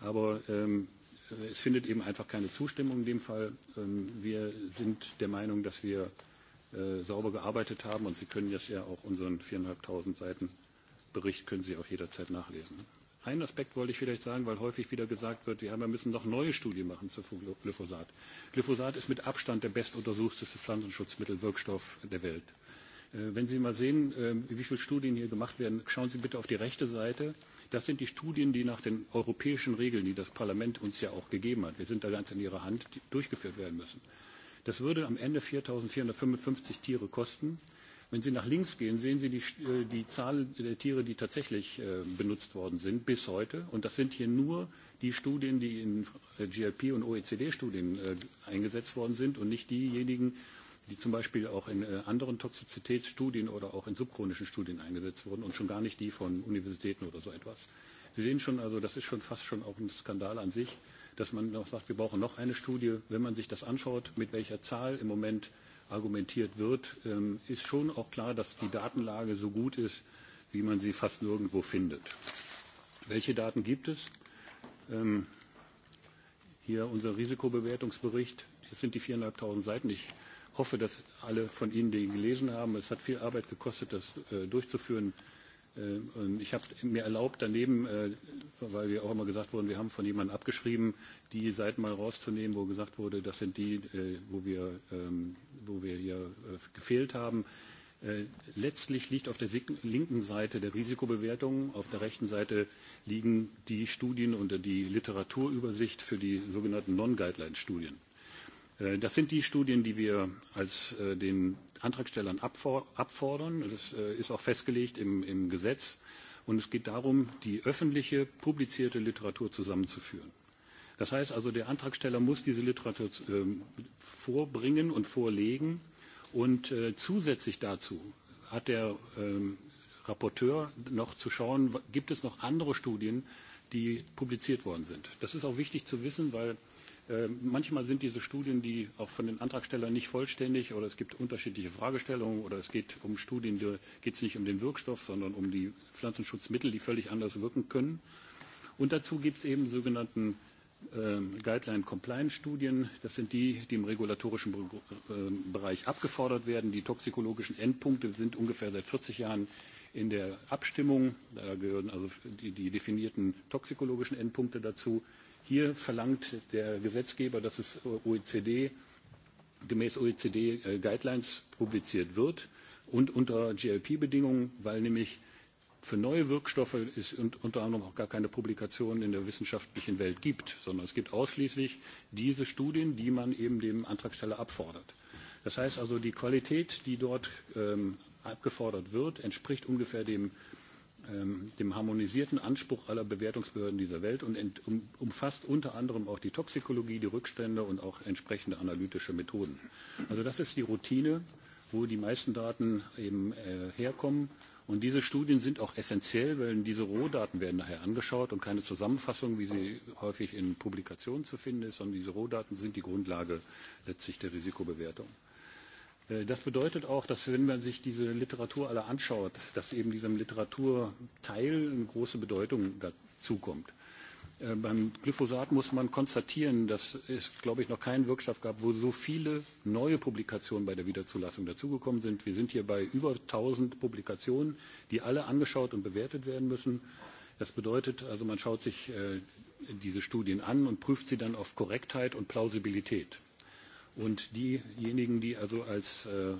aber ähm, äh, es findet eben einfach keine Zustimmung in dem Fall. Ähm, wir sind der Meinung, dass wir äh, sauber gearbeitet haben und Sie können jetzt ja auch unseren viereinhalbtausend Seiten Bericht können Sie auch jederzeit nachlesen. Einen Aspekt wollte ich vielleicht sagen, weil häufig wieder gesagt wird, ja, wir müssen noch neue Studien machen zu Glyphosat. Glyphosat ist mit Abstand der bestuntersuchteste Pflanzenschutzmittel, Wirkstoff der Welt. Äh, Äh, wenn Sie mal sehen, ähm, wie viele Studien hier gemacht werden, schauen Sie bitte auf die rechte Seite. Das sind die Studien, die nach den europäischen Regeln, die das Parlament uns ja auch gegeben hat, wir sind da ganz in Ihrer Hand, durchgeführt werden müssen. Das würde am Ende 4.455 Tiere kosten. Wenn Sie nach links gehen, sehen Sie die, äh, die Zahl der Tiere, die tatsächlich äh, benutzt worden sind bis heute. Und das sind hier nur die Studien, die in GLP und OECD-Studien eingesetzt worden sind und nicht diejenigen, die zum Beispiel auch in äh, anderen Toxizitätsstudien oder auch in subchronischen Studien eingesetzt wurden und schon gar nicht die von Universitäten oder so etwas. Sie sehen schon, also das ist schon fast schon auch ein Skandal an sich, dass man noch sagt, wir brauchen noch eine Studie. Wenn man sich das anschaut, mit welcher Zahl im Moment argumentiert wird, ähm, ist schon auch klar, dass die Datenlage so gut ist, wie man sie fast nirgendwo findet. Welche Daten gibt es? Ähm, hier unser Risikobewertungsbericht. Das sind die viereinhalbtausend Seiten. Ich hoffe, dass alle von Ihnen den gelesen haben. Es hat viel Arbeit gekostet, das äh, durchzuführen. Äh, ich habe mir erlaubt, daneben, äh, weil wir auch immer gesagt wurden, wir haben von jemandem abgeschrieben, die Seiten mal rauszunehmen, wo gesagt wurde, das sind die, äh, wo, wir, ähm, wo wir hier äh, gefehlt haben. Äh, letztlich liegt auf der linken Seite der Risikobewertung, auf der rechten Seite liegen die Studien und die Literaturübersicht für die sogenannten Non-Guideline-Studien. Äh, das sind die Studien, die wir als äh, den Antragstellern abfordern. Das äh, ist auch festgelegt im, im Gesetz. Und es geht darum, die öffentliche, publizierte Literatur zusammenzuführen. Das heißt also, der Antragsteller muss diese Literatur ähm, vorbringen und vorlegen. Und zusätzlich dazu hat der ähm, Rapporteur noch zu schauen, gibt es noch andere Studien, die publiziert worden sind. Das ist auch wichtig zu wissen, weil Ähm, manchmal sind diese Studien, die auch von den Antragstellern nicht vollständig oder es gibt unterschiedliche Fragestellungen oder es geht um Studien, da geht es nicht um den Wirkstoff, sondern um die Pflanzenschutzmittel, die völlig anders wirken können. Und dazu gibt es eben sogenannten äh, Guideline-Compliance-Studien. Das sind die, die im regulatorischen Be äh, Bereich abgefordert werden. Die toxikologischen Endpunkte sind ungefähr seit 40 Jahren in der Abstimmung. Da gehören also die, die definierten toxikologischen Endpunkte dazu. Äh, Hier verlangt der Gesetzgeber, dass es OECD gemäß OECD äh, Guidelines publiziert wird und unter GLP-Bedingungen, weil nämlich für neue Wirkstoffe es unter anderem auch gar keine Publikationen in der wissenschaftlichen Welt gibt, sondern es gibt ausschließlich diese Studien, die man eben dem Antragsteller abfordert. Das heißt also, die Qualität, die dort ähm, abgefordert wird, entspricht ungefähr dem ähm, dem harmonisierten Anspruch aller Bewertungsbehörden dieser Welt und ent, um, umfasst unter anderem auch die Toxikologie, die Rückstände und auch entsprechende analytische Methoden. Also das ist die Routine, wo die meisten Daten eben äh, herkommen. Und diese Studien sind auch essentiell, weil diese Rohdaten werden nachher angeschaut und keine Zusammenfassung, wie sie häufig in Publikationen zu finden ist, sondern diese Rohdaten sind die Grundlage letztlich der Risikobewertung. Äh, das bedeutet auch, dass wenn man sich diese Literatur alle anschaut, dass eben diesem Literaturteil eine große Bedeutung dazukommt. Äh, beim Glyphosat muss man konstatieren, dass es, glaube ich, noch keinen Wirkstoff gab, wo so viele neue Publikationen bei der Wiederzulassung dazugekommen sind. Wir sind hier bei über 1000 Publikationen, die alle angeschaut und bewertet werden müssen. Das bedeutet also, man schaut sich äh, diese Studien an und prüft sie dann auf Korrektheit und Plausibilität. Und diejenigen, die also als äh,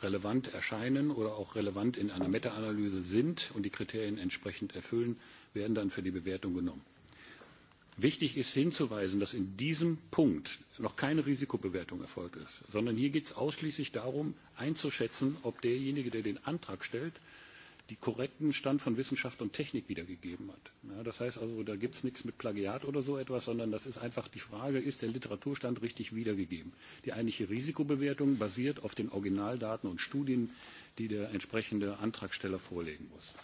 relevant erscheinen oder auch relevant in einer Meta-Analyse sind und die Kriterien entsprechend erfüllen, werden dann für die Bewertung genommen. Wichtig ist hinzuweisen, dass in diesem Punkt noch keine Risikobewertung erfolgt ist, sondern hier geht es ausschließlich darum, einzuschätzen, ob derjenige, der den Antrag stellt, die korrekten Stand von Wissenschaft und Technik wiedergegeben hat. Ja, das heißt also, da gibt es nichts mit Plagiat oder so etwas, sondern das ist einfach die Frage, ist der Literaturstand richtig wiedergegeben? Die eigentliche Risikobewertung basiert auf den Originaldaten und Studien, die der entsprechende Antragsteller vorlegen muss.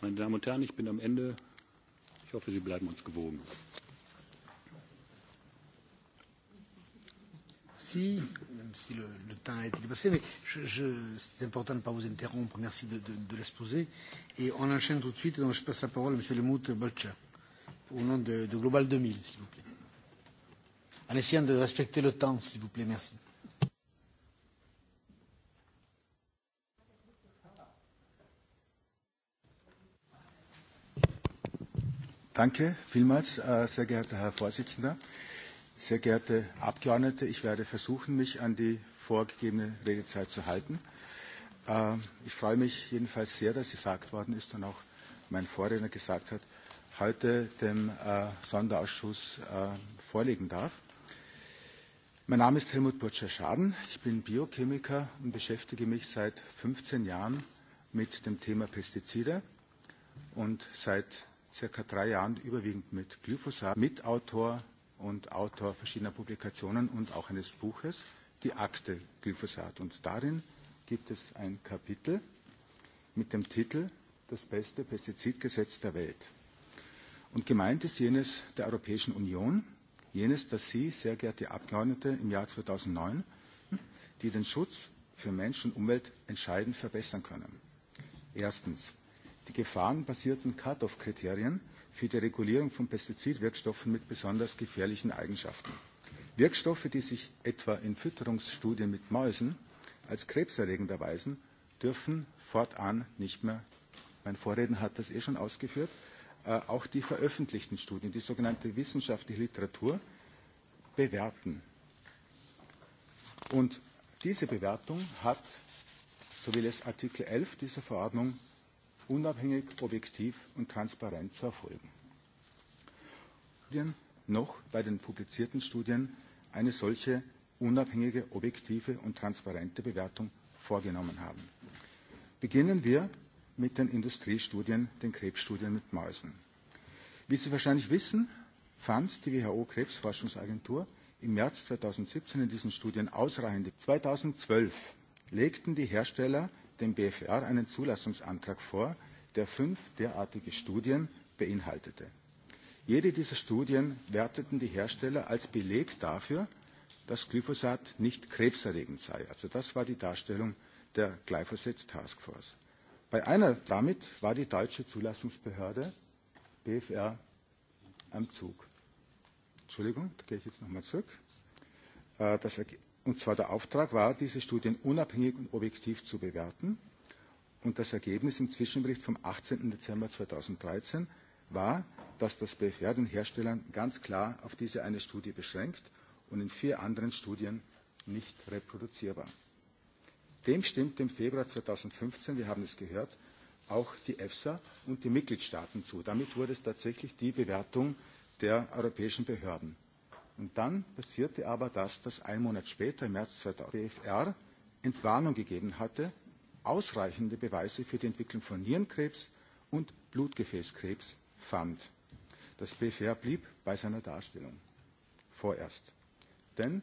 Meine Damen und Herren, ich bin am Ende. Ich hoffe, Sie bleiben uns gewogen. merci, même si le, le temps a été dépassé, mais je, je, c'est important de ne pas vous interrompre. Merci de, de, de l'exposer. Et on enchaîne tout de suite. Donc je passe la parole à M. Lemout Bolcha, au nom de, de Global 2000, s'il vous plaît. En essayant de respecter le temps, s'il vous plaît. Merci. Danke vielmals, äh, sehr geehrter Herr Vorsitzender. Sehr geehrte Abgeordnete, ich werde versuchen, mich an die vorgegebene Redezeit zu halten. Äh, ich freue mich jedenfalls sehr, dass gesagt worden ist und auch mein Vorredner gesagt hat, heute dem äh, Sonderausschuss äh, vorlegen darf. Mein Name ist Helmut Burtscher-Schaden. Ich bin Biochemiker und beschäftige mich seit 15 Jahren mit dem Thema Pestizide und seit circa drei Jahren überwiegend mit Glyphosat. Mitautor und Autor verschiedener Publikationen und auch eines Buches, die Akte Glyphosat. Und darin gibt es ein Kapitel mit dem Titel Das beste Pestizidgesetz der Welt. Und gemeint ist jenes der Europäischen Union, jenes, das Sie, sehr geehrte Abgeordnete, im Jahr 2009, die den Schutz für Mensch und Umwelt entscheidend verbessern können. Erstens. Die gefahrenbasierten Cut-off-Kriterien für die Regulierung von Pestizidwirkstoffen mit besonders gefährlichen Eigenschaften. Wirkstoffe, die sich etwa in Fütterungsstudien mit Mäusen als krebserregend erweisen, dürfen fortan nicht mehr, mein Vorredner hat das eh schon ausgeführt, äh, auch die veröffentlichten Studien, die sogenannte wissenschaftliche Literatur, bewerten. Und diese Bewertung hat, so will es Artikel 11 dieser Verordnung unabhängig, objektiv und transparent zu erfolgen. Studien noch bei den publizierten Studien eine solche unabhängige, objektive und transparente Bewertung vorgenommen haben. Beginnen wir mit den Industriestudien, den Krebsstudien mit Mäusen. Wie Sie wahrscheinlich wissen, fand die WHO Krebsforschungsagentur im März 2017 in diesen Studien ausreichende. 2012 legten die Hersteller dem BFR einen Zulassungsantrag vor, der fünf derartige Studien beinhaltete. Jede dieser Studien werteten die Hersteller als Beleg dafür, dass Glyphosat nicht krebserregend sei. Also das war die Darstellung der Glyphosate Task Force. Bei einer damit war die deutsche Zulassungsbehörde BFR am Zug. Entschuldigung, da gehe ich jetzt nochmal zurück. Äh, das Und zwar der Auftrag war, diese Studien unabhängig und objektiv zu bewerten. Und das Ergebnis im Zwischenbericht vom 18. Dezember 2013 war, dass das BFR den Herstellern ganz klar auf diese eine Studie beschränkt und in vier anderen Studien nicht reproduzierbar. Dem stimmt im Februar 2015, wir haben es gehört, auch die EFSA und die Mitgliedstaaten zu. Damit wurde es tatsächlich die Bewertung der europäischen Behörden. Und dann passierte aber das, dass ein Monat später, im März 2000, BFR Entwarnung gegeben hatte, ausreichende Beweise für die Entwicklung von Nierenkrebs und Blutgefäßkrebs fand. Das BFR blieb bei seiner Darstellung. Vorerst. Denn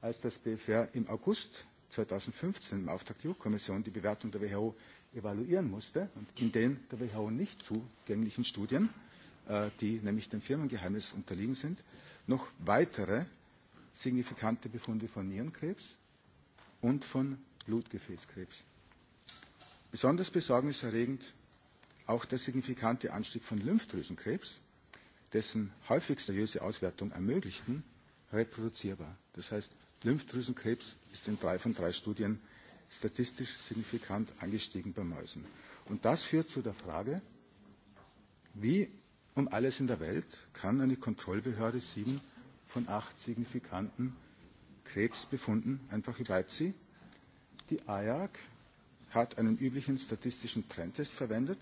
als das BFR im August 2015 im Auftrag der EU-Kommission die Bewertung der WHO evaluieren musste und in den der WHO nicht zugänglichen Studien, äh, die nämlich dem Firmengeheimnis unterliegen sind, noch weitere signifikante Befunde von Nierenkrebs und von Blutgefäßkrebs. Besonders besorgniserregend auch der signifikante Anstieg von Lymphdrüsenkrebs, dessen häufig seriöse Auswertungen ermöglichten, reproduzierbar. Das heißt, Lymphdrüsenkrebs ist in drei von drei Studien statistisch signifikant angestiegen bei Mäusen. Und das führt zu der Frage, wie Um alles in der Welt kann eine Kontrollbehörde sieben von acht signifikanten Krebsbefunden einfach überziehen. Die IARC hat einen üblichen statistischen Trendtest verwendet.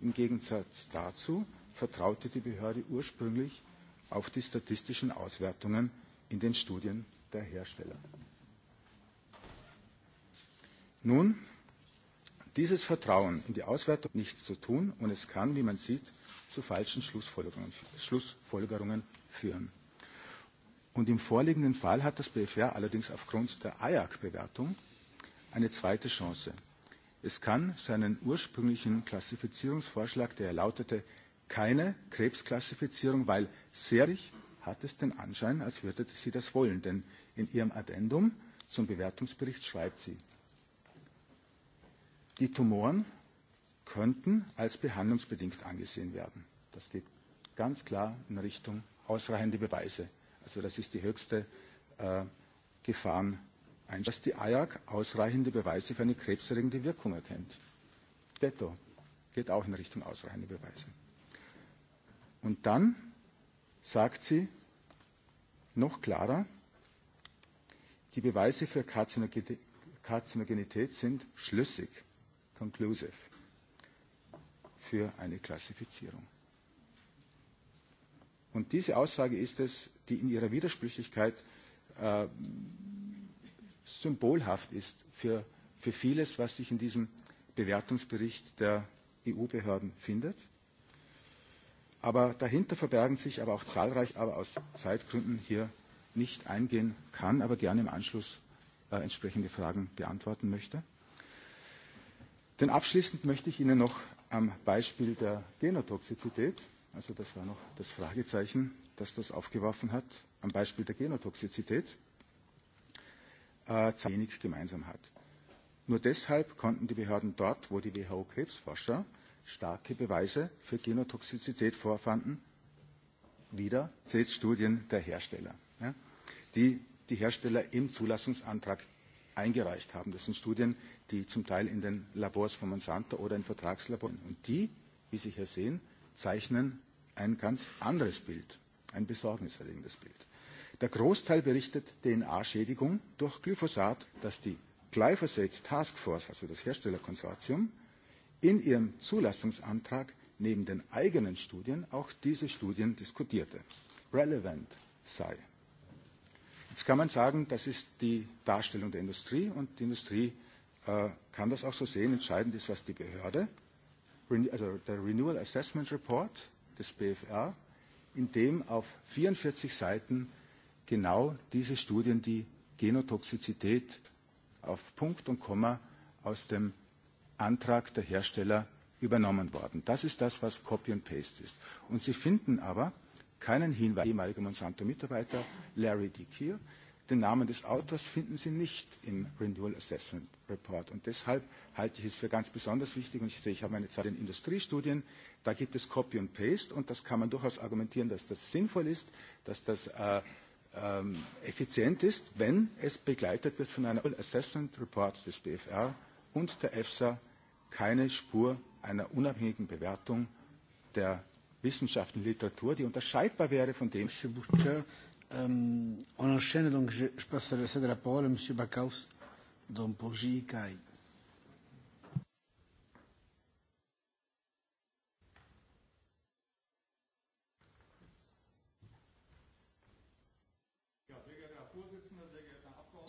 Im Gegensatz dazu vertraute die Behörde ursprünglich auf die statistischen Auswertungen in den Studien der Hersteller. Nun, dieses Vertrauen in die Auswertung nichts zu tun und es kann, wie man sieht, zu falschen Schlussfolgerungen, Schlussfolgerungen führen. Und im vorliegenden Fall hat das BFR allerdings aufgrund der IAC-Bewertung eine zweite Chance. Es kann seinen ursprünglichen Klassifizierungsvorschlag, der lautete keine Krebsklassifizierung, weil Serich hat es den Anschein, als würde sie das wollen. Denn in ihrem Addendum zum Bewertungsbericht schreibt sie, die Tumoren könnten als behandlungsbedingt angesehen werden. Das geht ganz klar in Richtung ausreichende Beweise. Also das ist die höchste äh, Gefahren dass die AJAG ausreichende Beweise für eine krebserregende Wirkung erkennt. Detto geht auch in Richtung ausreichende Beweise. Und dann sagt sie noch klarer, die Beweise für Karzinogenität sind schlüssig, conclusive für eine Klassifizierung. Und diese Aussage ist es, die in ihrer Widersprüchlichkeit äh, symbolhaft ist für, für vieles, was sich in diesem Bewertungsbericht der EU-Behörden findet. Aber dahinter verbergen sich aber auch zahlreich, aber aus Zeitgründen hier nicht eingehen kann, aber gerne im Anschluss äh, entsprechende Fragen beantworten möchte. Denn abschließend möchte ich Ihnen noch am Beispiel der Genotoxizität, also das war noch das Fragezeichen, das das aufgeworfen hat, am Beispiel der Genotoxizität, äh, wenig gemeinsam hat. Nur deshalb konnten die Behörden dort, wo die WHO-Krebsforscher starke Beweise für Genotoxizität vorfanden, wieder Studien der Hersteller, ja, die die Hersteller im Zulassungsantrag eingereicht haben. Das sind Studien, die zum Teil in den Labors von Monsanto oder in Vertragslaboren. Und die, wie Sie hier sehen, zeichnen ein ganz anderes Bild, ein besorgniserregendes Bild. Der Großteil berichtet DNA-Schädigung durch Glyphosat, dass die Glyphosate Task Force, also das Herstellerkonsortium, in ihrem Zulassungsantrag neben den eigenen Studien auch diese Studien diskutierte. Relevant sei. Jetzt kann man sagen, das ist die Darstellung der Industrie und die Industrie äh, kann das auch so sehen. Entscheidend ist, was die Behörde, also der Renewal Assessment Report des BFR, in dem auf 44 Seiten genau diese Studien die Genotoxizität auf Punkt und Komma aus dem Antrag der Hersteller übernommen worden. Das ist das, was Copy and Paste ist. Und Sie finden aber keinen Hinweis. Ehemaliger Monsanto-Mitarbeiter Larry Dick hier. Den Namen des Autors finden Sie nicht im Renewal Assessment Report. Und deshalb halte ich es für ganz besonders wichtig, und ich sehe, ich habe meine Zeit in Industriestudien, da gibt es Copy und Paste, und das kann man durchaus argumentieren, dass das sinnvoll ist, dass das äh, ähm, effizient ist, wenn es begleitet wird von einer Assessment Report des BFR und der EFSA keine Spur einer unabhängigen Bewertung der Wissenschaften, Literatur, die unterscheidbar wäre von dem. Monsieur Boucher, euh, ähm, on enchaîne, donc je, je passe le cède la parole à Monsieur Backhaus, donc pour JICAI.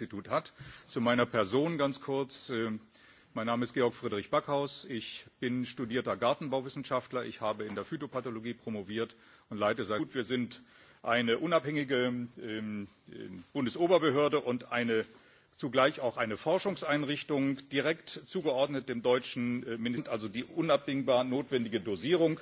Institut hat. Zu meiner Person ganz kurz. Äh, Mein Name ist Georg Friedrich Backhaus. Ich bin studierter Gartenbauwissenschaftler. Ich habe in der Phytopathologie promoviert und leite seit gut, wir sind eine unabhängige ähm, ähm Bundesoberbehörde und eine zugleich auch eine Forschungseinrichtung direkt zugeordnet dem deutschen äh, Ministerium, also die unabdingbar notwendige Dosierung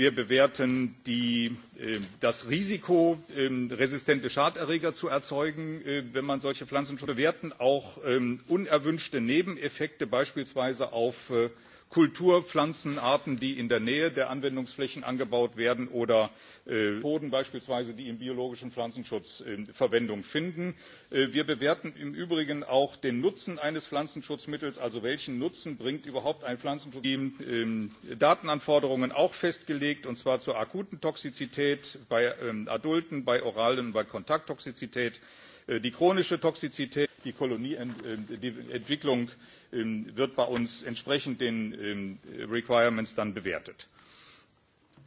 Wir bewerten die, äh, das Risiko, ähm, resistente Schaderreger zu erzeugen, äh, wenn man solche Pflanzen bewerten, auch ähm, unerwünschte Nebeneffekte beispielsweise auf äh, kulturpflanzenarten die in der nähe der anwendungsflächen angebaut werden oder methoden äh, beispielsweise die im biologischen pflanzenschutz ähm, verwendung finden. Äh, wir bewerten im übrigen auch den nutzen eines pflanzenschutzmittels also welchen nutzen bringt überhaupt ein pflanzenschutzmittel? wir ähm, haben die datenanforderungen auch festgelegt und zwar zur akuten toxizität bei ähm, adulten bei oral und bei kontakttoxizität Äh, die chronische Toxizität, die Kolonieentwicklung äh, ähm, wird bei uns entsprechend den ähm, Requirements dann bewertet.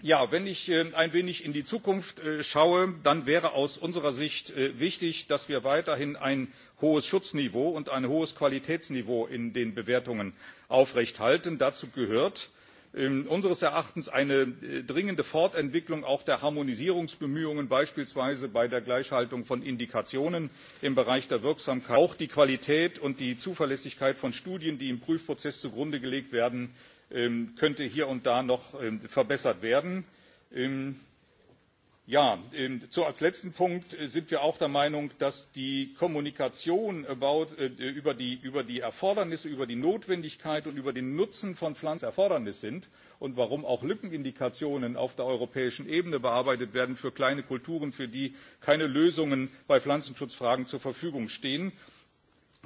Ja, wenn ich äh, ein wenig in die Zukunft schaue, dann wäre aus unserer Sicht wichtig, dass wir weiterhin ein hohes Schutzniveau und ein hohes Qualitätsniveau in den Bewertungen aufrechthalten. Dazu gehört Ähm, unseres erachtens eine äh, dringende fortentwicklung auch der harmonisierungsbemühungen beispielsweise bei der gleichschaltung von indikationen im bereich der wirksamkeit. auch die qualität und die zuverlässigkeit von studien die im prüfprozess zugrunde gelegt werden ähm, könnte hier und da noch ähm, verbessert werden. Ja, ähm, zu, als letzten Punkt äh, sind wir auch der Meinung, dass die Kommunikation about, äh, über, die, über die Erfordernisse, über die Notwendigkeit und über den Nutzen von Pflanzen Erfordernis sind und warum auch Lückenindikationen auf der europäischen Ebene bearbeitet werden für kleine Kulturen, für die keine Lösungen bei Pflanzenschutzfragen zur Verfügung stehen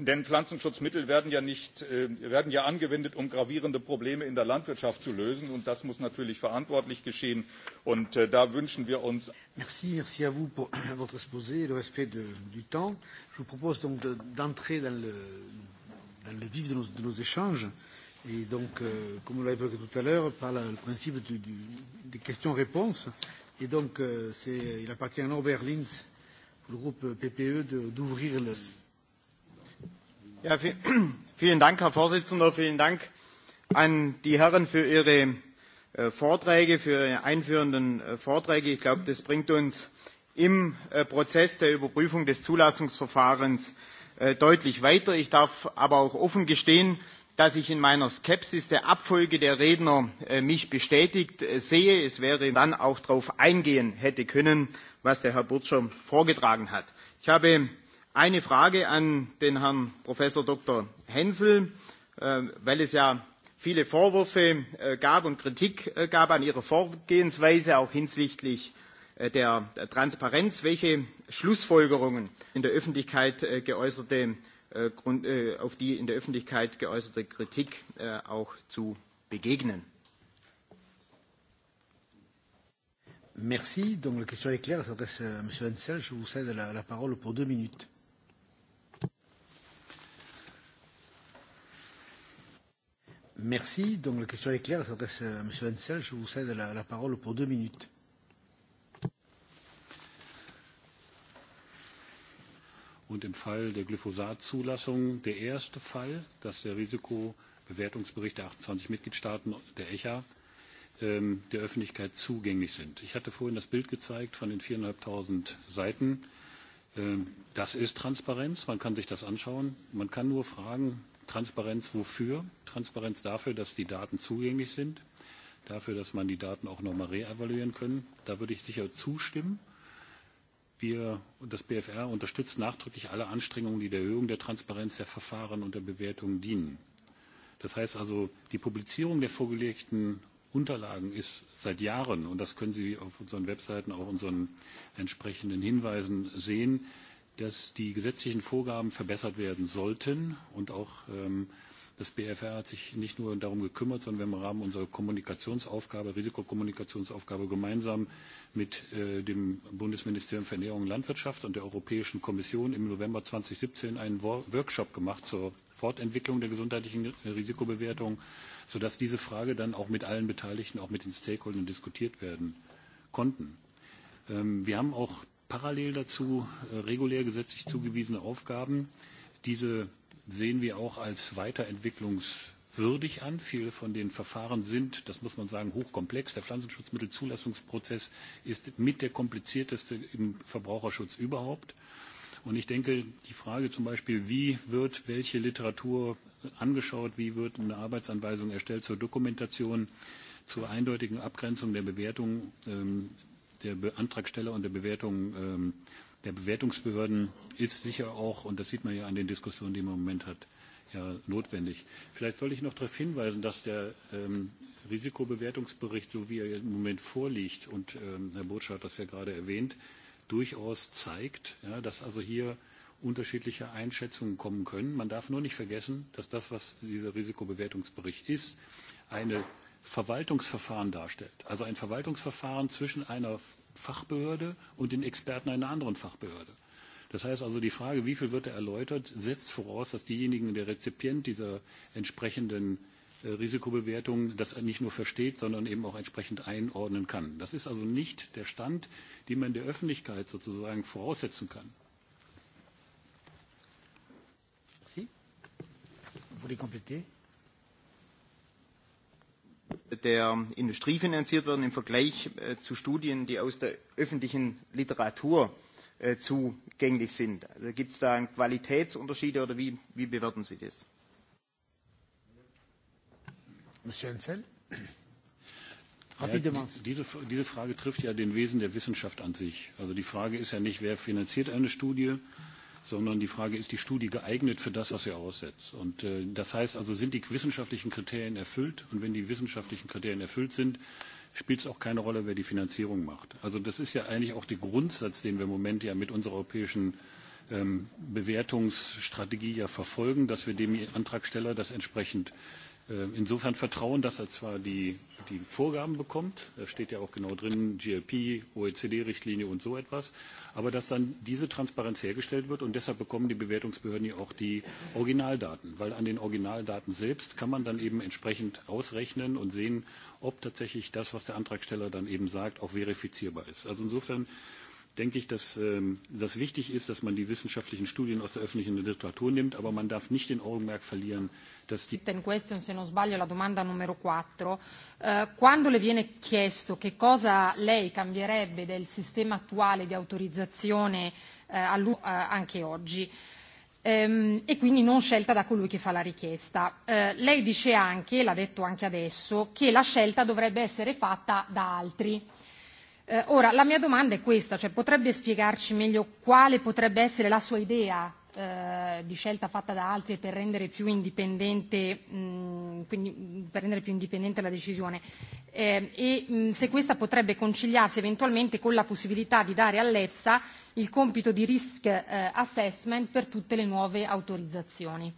denn pflanzenschutzmittel äh, werden ja angewendet um gravierende probleme in der landwirtschaft zu lösen und das muss natürlich verantwortlich geschehen und äh, da wünschen wir uns. merci à vous pour votre exposé et le respect du temps. je vous propose donc d'entrer dans le vif de nos échanges et donc euh, comme on l'a évoqué tout à l'heure par le principe des questions réponses et donc euh, il appartient à norbert lins pour le groupe ppe d'ouvrir le débat Ja, vielen Dank, Herr Vorsitzender. Vielen Dank an die Herren für Ihre äh, Vorträge, für Ihre einführenden äh, Vorträge. Ich glaube, das bringt uns im äh, Prozess der Überprüfung des Zulassungsverfahrens deutlich weiter. Ich darf aber auch offen gestehen, dass ich in meiner Skepsis der Abfolge der Redner äh, mich bestätigt äh, sehe. Es wäre dann auch darauf eingehen hätte können, was der Herr Burtscher vorgetragen hat. Ich habe Eine Frage an den Herrn Professor Dr. Hensel, äh, weil es ja viele Vorwürfe äh, gab und Kritik äh, gab an Ihrer Vorgehensweise, auch hinsichtlich der Transparenz. Welche Schlussfolgerungen in der Öffentlichkeit geäußerte, auf die in der Öffentlichkeit geäußerte Kritik auch zu begegnen? Merci. Donc la question est claire, s'adresse euh, à M. Hansel. Je vous cède la, la parole pour deux minutes. Merci. Donc la question est claire, s'adresse à M. Hansel. Je vous cède la, la parole pour deux minutes. Und im Fall der Glyphosat-Zulassung der erste Fall, dass der Risikobewertungsbericht der 28 Mitgliedstaaten der ECHA ähm, der Öffentlichkeit zugänglich sind. Ich hatte vorhin das Bild gezeigt von den 4.500 Seiten. Ähm, das ist Transparenz. Man kann sich das anschauen. Man kann nur fragen, Transparenz wofür? Transparenz dafür, dass die Daten zugänglich sind, dafür, dass man die Daten auch nochmal reevaluieren können. Da würde ich sicher zustimmen. Wir, das BFR unterstützt nachdrücklich alle Anstrengungen, die der Erhöhung der Transparenz der Verfahren und der Bewertungen dienen. Das heißt also, die Publizierung der vorgelegten Unterlagen ist seit Jahren, und das können Sie auf unseren Webseiten, auch unseren entsprechenden Hinweisen sehen, dass die gesetzlichen Vorgaben verbessert werden sollten und auch ähm, das BFR hat sich nicht nur darum gekümmert, sondern wir haben im Rahmen unserer Kommunikationsaufgabe, Risikokommunikationsaufgabe gemeinsam mit äh, dem Bundesministerium für Ernährung und Landwirtschaft und der Europäischen Kommission im November 2017 einen Workshop gemacht zur Fortentwicklung der gesundheitlichen äh, Risikobewertung, sodass diese Frage dann auch mit allen Beteiligten, auch mit den Stakeholdern diskutiert werden konnten. Ähm, wir haben auch parallel dazu äh, regulär gesetzlich zugewiesene Aufgaben. Diese sehen wir auch als weiterentwicklungswürdig an. Viele von den Verfahren sind, das muss man sagen, hochkomplex. Der Pflanzenschutzmittelzulassungsprozess ist mit der komplizierteste im Verbraucherschutz überhaupt. Und ich denke, die Frage zum Beispiel, wie wird welche Literatur angeschaut, wie wird eine Arbeitsanweisung erstellt zur Dokumentation, zur eindeutigen Abgrenzung der Bewertung, ähm, der Antragsteller und der Bewertung ähm, der Bewertungsbehörden ist sicher auch, und das sieht man ja an den Diskussionen, die man im Moment hat, ja notwendig. Vielleicht soll ich noch darauf hinweisen, dass der ähm, Risikobewertungsbericht, so wie er im Moment vorliegt, und ähm, Herr Botscher hat das ja gerade erwähnt, durchaus zeigt, ja, dass also hier unterschiedliche Einschätzungen kommen können. Man darf nur nicht vergessen, dass das, was dieser Risikobewertungsbericht ist, eine Verwaltungsverfahren darstellt. Also ein Verwaltungsverfahren zwischen einer Fachbehörde und den Experten einer anderen Fachbehörde. Das heißt also, die Frage, wie viel wird er erläutert, setzt voraus, dass diejenigen, der Rezipient dieser entsprechenden äh, Risikobewertung, das nicht nur versteht, sondern eben auch entsprechend einordnen kann. Das ist also nicht der Stand, den man der Öffentlichkeit sozusagen voraussetzen kann. Merci. Vous voulez compléter? der Industrie finanziert werden im Vergleich äh, zu Studien, die aus der öffentlichen Literatur äh, zugänglich sind. Also Gibt es da Qualitätsunterschiede oder wie, wie bewerten Sie das? Monsieur Enzel? Rapidement. Ja, diese, diese Frage trifft ja den Wesen der Wissenschaft an sich. Also die Frage ist ja nicht, wer finanziert eine Studie, äh, sondern die Frage, ist die Studie geeignet für das, was sie aussetzt? Und äh, das heißt also, sind die wissenschaftlichen Kriterien erfüllt? Und wenn die wissenschaftlichen Kriterien erfüllt sind, spielt es auch keine Rolle, wer die Finanzierung macht. Also das ist ja eigentlich auch der Grundsatz, den wir im Moment ja mit unserer europäischen ähm, Bewertungsstrategie ja verfolgen, dass wir dem Antragsteller das entsprechend äh, Ähm, insofern Vertrauen, dass er zwar die, die Vorgaben bekommt, da steht ja auch genau drin, GLP, OECD-Richtlinie und so etwas, aber dass dann diese Transparenz hergestellt wird und deshalb bekommen die Bewertungsbehörden ja auch die Originaldaten, weil an den Originaldaten selbst kann man dann eben entsprechend ausrechnen und sehen, ob tatsächlich das, was der Antragsteller dann eben sagt, auch verifizierbar ist. Also insofern äh, denke ich, dass ähm, das wichtig ist, dass man die wissenschaftlichen Studien aus der öffentlichen Literatur nimmt, aber man darf nicht den Augenmerk verlieren, dass die... In question, se non sbaglio, la domanda numero 4. Eh, quando le viene chiesto che cosa lei cambierebbe del sistema attuale di autorizzazione eh, eh, anche oggi, ehm, e quindi non scelta da colui che fa la richiesta. Eh, lei dice anche, l'ha detto anche adesso, che la scelta dovrebbe essere fatta da altri. Eh, Eh, ora, la mia domanda è questa, cioè potrebbe spiegarci meglio quale potrebbe essere la sua idea eh, di scelta fatta da altri per rendere più indipendente, mh, quindi, per rendere più indipendente la decisione eh, e mh, se questa potrebbe conciliarsi eventualmente con la possibilità di dare all'EFSA il compito di risk eh, assessment per tutte le nuove autorizzazioni.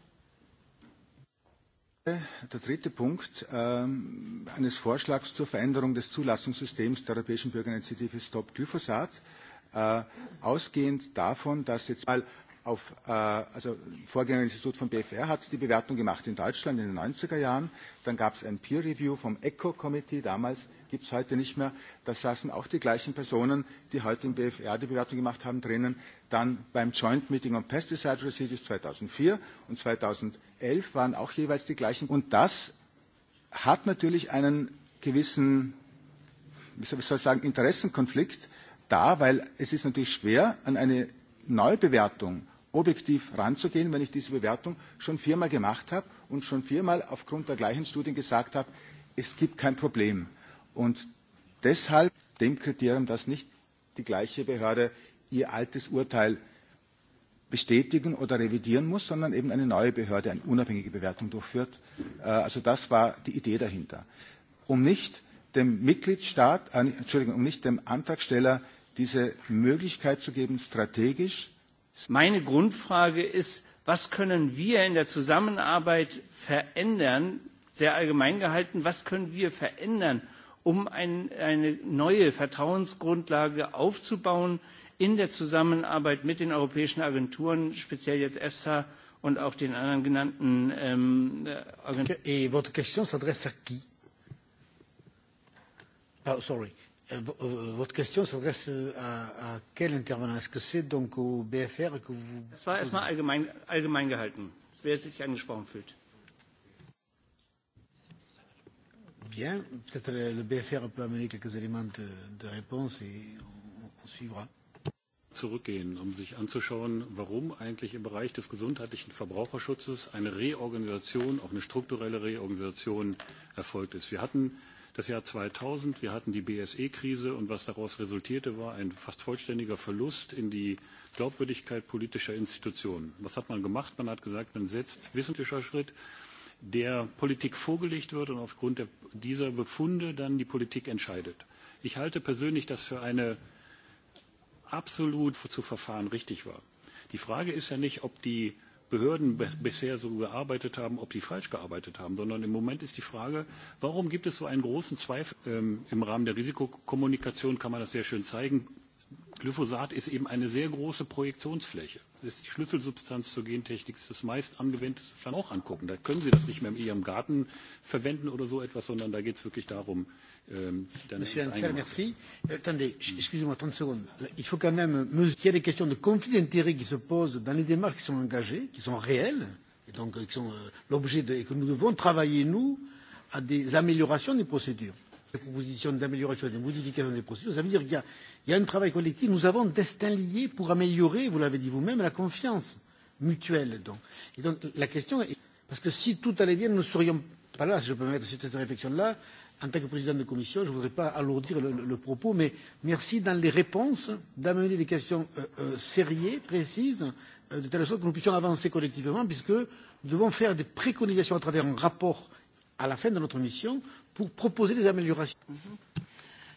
Der dritte Punkt ähm, eines Vorschlags zur Veränderung des Zulassungssystems der Europäischen Bürgerinitiative Stop Glyphosat, äh, ausgehend davon, dass jetzt mal auf, äh, also Vorgängerinstitut von BFR hat die Bewertung gemacht in Deutschland in den 90er Jahren. Dann gab es ein Peer Review vom ECO Committee, damals gibt es heute nicht mehr. Da saßen auch die gleichen Personen, die heute im BFR die Bewertung gemacht haben, drinnen. Dann beim Joint Meeting on Pesticide Residues 2004 und 2011 waren auch jeweils die gleichen. Und das hat natürlich einen gewissen, wie soll ich sagen, Interessenkonflikt da, weil es ist natürlich schwer, an eine Neubewertung objektiv ranzugehen, wenn ich diese Bewertung schon viermal gemacht habe und schon viermal aufgrund der gleichen Studien gesagt habe, es gibt kein Problem. Und deshalb dem Kriterium, dass nicht die gleiche Behörde ihr altes Urteil bestätigen oder revidieren muss, sondern eben eine neue Behörde eine unabhängige Bewertung durchführt. Äh, also das war die Idee dahinter. Um nicht dem Mitgliedstaat, äh, Entschuldigung, um nicht dem Antragsteller diese Möglichkeit zu geben, strategisch Meine Grundfrage ist, was können wir in der Zusammenarbeit verändern, sehr allgemein gehalten, was können wir verändern, um ein, eine neue Vertrauensgrundlage aufzubauen in der Zusammenarbeit mit den europäischen Agenturen, speziell jetzt EFSA und auch den anderen genannten ähm, äh, Agenturen. Et votre question s'adresse à qui? Oh, sorry. Votre question s'adresse euh, à, à quel intervenant Est-ce que c'est donc au BFR que vous... Das war erstmal allgemein, allgemein gehalten, wer sich angesprochen fühlt. Bien, peut-être le BFR peut amener quelques éléments de, de réponse et on, on suivra. Zurückgehen, um sich anzuschauen, warum eigentlich im Bereich des gesundheitlichen Verbraucherschutzes eine Reorganisation, auch eine strukturelle Reorganisation erfolgt ist. Wir hatten äh, das Jahr 2000. Wir hatten die BSE-Krise und was daraus resultierte, war ein fast vollständiger Verlust in die Glaubwürdigkeit politischer Institutionen. Was hat man gemacht? Man hat gesagt, man setzt wissenschaftlicher Schritt, der Politik vorgelegt wird und aufgrund der, dieser Befunde dann die Politik entscheidet. Ich halte persönlich das für eine absolut zu Verfahren richtig war. Die Frage ist ja nicht, ob die äh, Behörden bisher so gearbeitet haben, ob die falsch gearbeitet haben, sondern im Moment ist die Frage, warum gibt es so einen großen Zweifel? Ähm, Im Rahmen der Risikokommunikation kann man das sehr schön zeigen. Glyphosat ist eben eine sehr große Projektionsfläche. Das ist die Schlüsselsubstanz zur Gentechnik, das ist das meist angewendete dann auch angucken. Da können Sie das nicht mehr in Ihrem Garten verwenden oder so etwas, sondern da geht es wirklich darum, Euh, Monsieur Ancher, merci. Euh, attendez, excusez-moi 30 secondes. Il faut quand même mesurer qu'il y a des questions de conflit d'intérêts qui se posent dans les démarches qui sont engagées, qui sont réelles, et donc euh, qui sont euh, l'objet de, et que nous devons travailler, nous, à des améliorations des procédures. Des propositions d'amélioration et de modification des procédures, ça veut dire qu'il y, a, il y a un travail collectif. Nous avons destin lié pour améliorer, vous l'avez dit vous-même, la confiance mutuelle. Donc. Et donc la question est, parce que si tout allait bien, nous ne serions pas là, si je peux me mettre cette réflexion-là, en tant que président de commission, je ne voudrais pas alourdir le, le, le propos, mais merci dans les réponses d'amener des questions euh, euh, sérieuses, précises, euh, de telle sorte que nous puissions avancer collectivement, puisque nous devons faire des préconisations à travers un rapport à la fin de notre mission pour proposer des améliorations. Mm -hmm.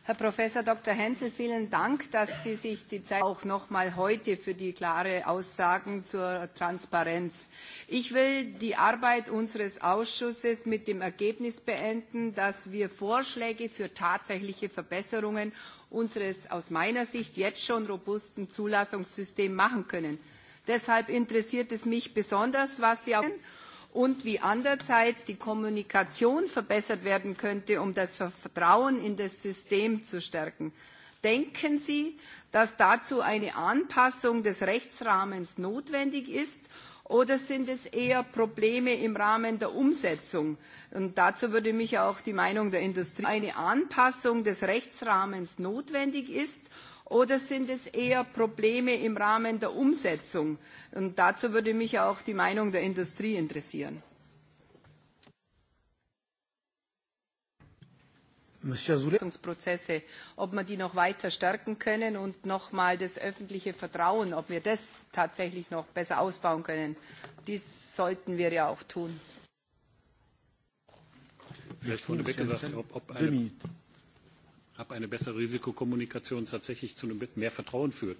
Herr Professor Dr. Hensel, vielen Dank, dass Sie sich die Zeit auch nochmal heute für die klare Aussagen zur Transparenz. Ich will die Arbeit unseres Ausschusses mit dem Ergebnis beenden, dass wir Vorschläge für tatsächliche Verbesserungen unseres aus meiner Sicht jetzt schon robusten Zulassungssystems machen können. Deshalb interessiert es mich besonders, was Sie auch und wie andererseits die Kommunikation verbessert werden könnte, um das Vertrauen in das System zu stärken. Denken Sie, dass dazu eine Anpassung des Rechtsrahmens notwendig ist? Oder sind es eher Probleme im Rahmen der Umsetzung? Und dazu würde mich auch die Meinung der Industrie eine Anpassung des Rechtsrahmens notwendig ist oder sind es eher Probleme im Rahmen der Umsetzung? Und dazu würde mich auch die Meinung der Industrie interessieren. Umsetzungsprozesse, ob man die noch weiter stärken können und nochmal das öffentliche Vertrauen, ob wir das tatsächlich noch besser ausbauen können. Dies sollten wir ja auch tun. Vielleicht wurde weggesagt, ob, ob eine, ab eine bessere Risikokommunikation tatsächlich zu einem mehr Vertrauen führt.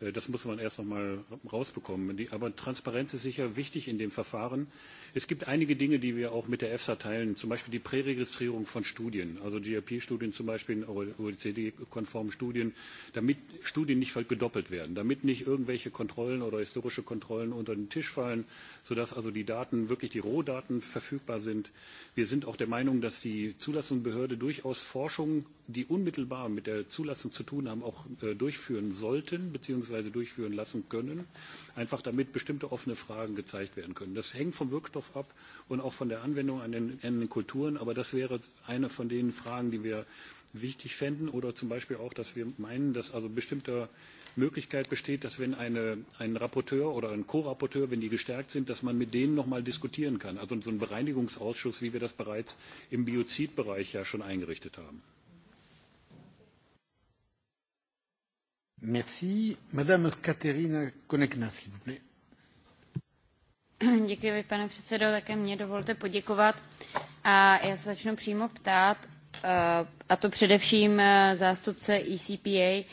Äh, das muss man erst noch mal rausbekommen. Aber Transparenz ist sicher wichtig in dem Verfahren. Es gibt einige Dinge, die wir auch mit der EFSA teilen, zum Beispiel die Präregistrierung von Studien, also GRP-Studien zum Beispiel, OECD-konformen Studien, damit Studien nicht gedoppelt werden, damit nicht irgendwelche Kontrollen oder historische Kontrollen unter den Tisch fallen, sodass also die Daten, wirklich die Rohdaten verfügbar sind. Wir sind auch der Meinung, dass die Zulassungsbehörde durchaus Forschung die unmittelbar mit der Zulassung zu tun haben, auch äh, durchführen sollten bzw. durchführen lassen können, einfach damit bestimmte offene Fragen gezeigt werden können. Das hängt vom Wirkstoff ab und auch von der Anwendung an den, an den Kulturen, aber das wäre eine von den Fragen, die wir wichtig fänden oder zum Beispiel auch, dass wir meinen, dass also bestimmter Möglichkeit besteht, dass wenn eine, ein Rapporteur oder ein Co-Rapporteur, wenn die gestärkt sind, dass man mit denen nochmal diskutieren kann. Also so ein Bereinigungsausschuss, wie wir das bereits im Biozidbereich ja schon eingerichtet haben. Merci. Madame Katerina Konekna, s'il vous plaît. Děkuji, pane předsedo. Také mě dovolte poděkovat. A já se začnu přímo ptát, eh, a to především eh, zástupce ECPA,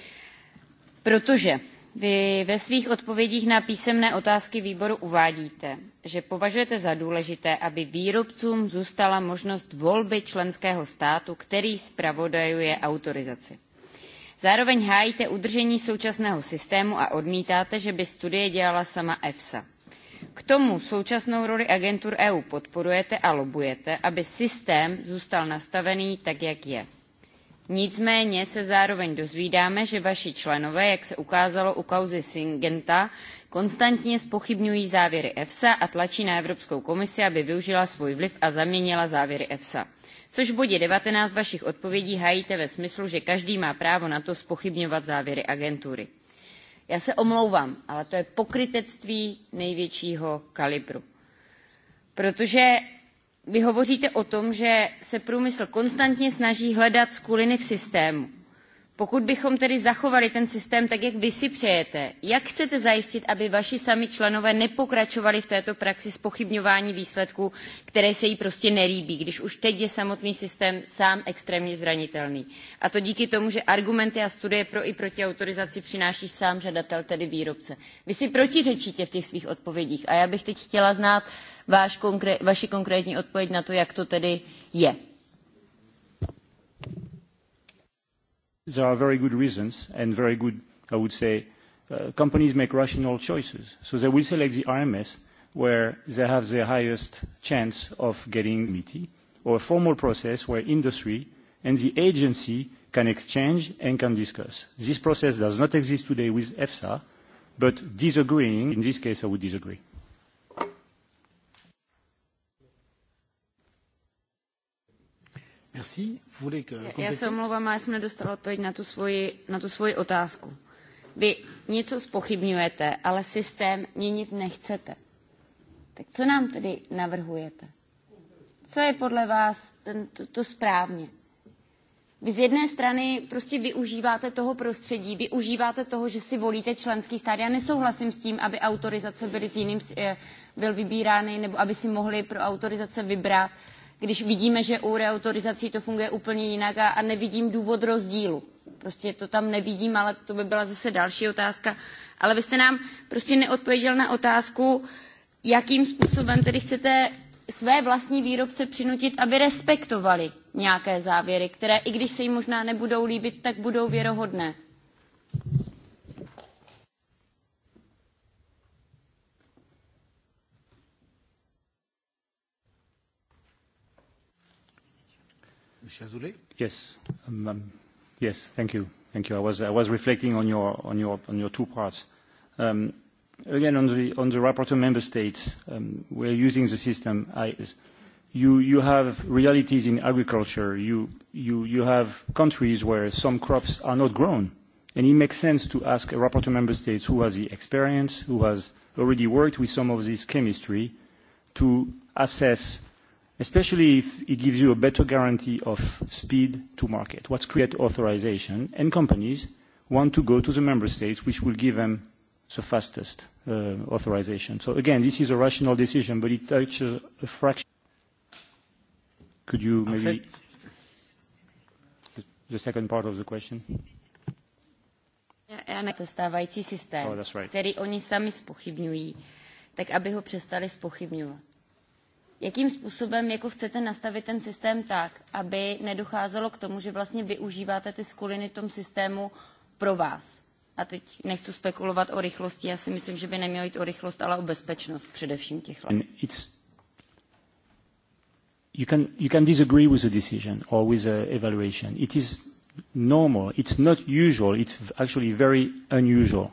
protože vy ve svých odpovědích na písemné otázky výboru uvádíte, že považujete za důležité, aby výrobcům zůstala možnost volby členského státu, který zpravodajuje autorizaci. Zároveň hájíte udržení současného systému a odmítáte, že by studie dělala sama EFSA. K tomu současnou roli agentur EU podporujete a lobujete, aby systém zůstal nastavený tak, jak je. Nicméně se zároveň dozvídáme, že vaši členové, jak se ukázalo u kauzy Syngenta, konstantně spochybňují závěry efsa a tlačí na evropskou komisi aby využila svůj vliv a zaměnila závěry efsa což v bodě nineteen vašich odpovědí hájíte ve smyslu že každý má právo na to zpochybňovat závěry agentury. já se omlouvám ale to je pokrytectví největšího kalibru protože vy hovoříte o tom že se průmysl konstantně snaží hledat skuliny v systému Pokud bychom tedy zachovali ten systém tak, jak vy si přejete, jak chcete zajistit, aby vaši sami členové nepokračovali v této praxi spochybňování výsledků, které se jí prostě nelíbí, když už teď je samotný systém sám extrémně zranitelný. A to díky tomu, že argumenty a studie pro i proti autorizaci přináší sám žadatel, tedy výrobce. Vy si protiřečíte v těch svých odpovědích a já bych teď chtěla znát váš konkré, vaši konkrétní odpověď na to, jak to tedy je there are very good reasons and very good, I would say, uh, companies make rational choices. So they will select the RMS where they have the highest chance of getting MITI or a formal process where industry and the agency can exchange and can discuss. This process does not exist today with EFSA, but disagreeing, in this case I would disagree. Merci. Vous voulez que Já se omlouvám, já jsem nedostala odpověď na tu svoji, na tu svoji otázku. Vy něco spochybňujete, ale systém měnit nechcete. Tak co nám tedy navrhujete? Co je podle vás ten, to, to správně? Vy z jedné strany prostě využíváte toho prostředí, využíváte toho, že si volíte členský stát. Já nesouhlasím s tím, aby autorizace byly s jiným, eh, byl vybírány, nebo aby si mohli pro autorizace vybrat uh, když vidíme, že u reautorizací to funguje úplně jinak a, a nevidím důvod rozdílu. Prostě to tam nevidím, ale to by byla zase další otázka. Ale vy jste nám prostě neodpověděl na otázku, jakým způsobem tedy chcete své vlastní výrobce přinutit, aby respektovali nějaké závěry, které i když se jim možná nebudou líbit, tak budou věrohodné. Mr. Azoulay? Yes. Um, um, yes, thank you. Thank you. I was, I was reflecting on your, on your, on your two parts. Um, again, on the, on the rapporteur member states, um, we're using the system. I, you, you have realities in agriculture. You, you, you have countries where some crops are not grown. And it makes sense to ask a rapporteur member states who has the experience, who has already worked with some of this chemistry, to assess especially if it gives you a better guarantee of speed to market. What's create authorization, and companies want to go to the member states, which will give them the fastest uh, authorization. So again, this is a rational decision, but it touches a fraction. Could you maybe- The, the second part of the question? A stávající systém- Oh, that's right. který oni sami zpochybňují, tak aby ho přestali zpochybňovat jakým způsobem jako chcete nastavit ten systém tak, aby nedocházelo k tomu, že vlastně využíváte ty skuliny v tom systému pro vás. A teď nechci spekulovat o rychlosti, já si myslím, že by nemělo jít o rychlost, ale o bezpečnost především těch let. You can, you can disagree with a decision or with an evaluation. It is normal. It's not usual. It's actually very unusual.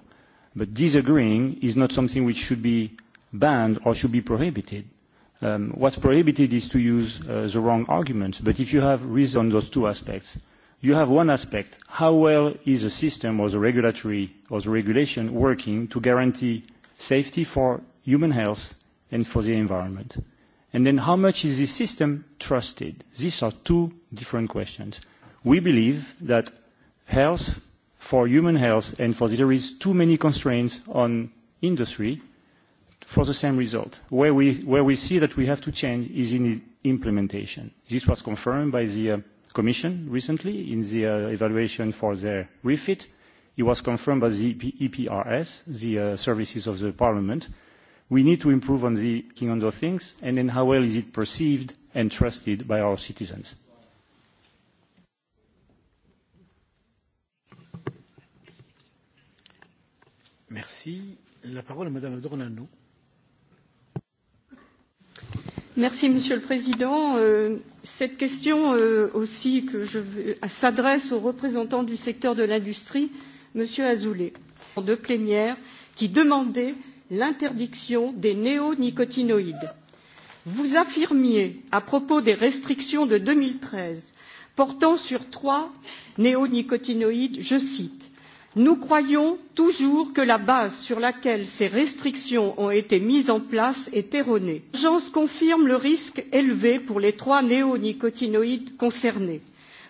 But disagreeing is not something which should be banned or should be prohibited. Um, what's prohibited is to use uh, the wrong arguments. But if you have reason on those two aspects, you have one aspect, how well is a system or the regulatory or the regulation working to guarantee safety for human health and for the environment? And then how much is this system trusted? These are two different questions. We believe that health, for human health and for there is too many constraints on industry for the same result. Where we, where we see that we have to change is in implementation. This was confirmed by the uh, Commission recently in the uh, evaluation for their refit. It was confirmed by the EP EPRS, the uh, services of the Parliament. We need to improve on the King on those things, and then how well is it perceived and trusted by our citizens? Merci. La parole est Madame Dornano. Merci, Monsieur le Président. Euh, cette question euh, aussi que je euh, s'adresse aux représentants du secteur de l'industrie, Monsieur Azoulay, de plénière, qui demandait l'interdiction des néonicotinoïdes. Vous affirmiez, à propos des restrictions de 2013 portant sur trois néonicotinoïdes, je cite nous croyons toujours que la base sur laquelle ces restrictions ont été mises en place est erronée. l'agence confirme le risque élevé pour les trois néonicotinoïdes concernés.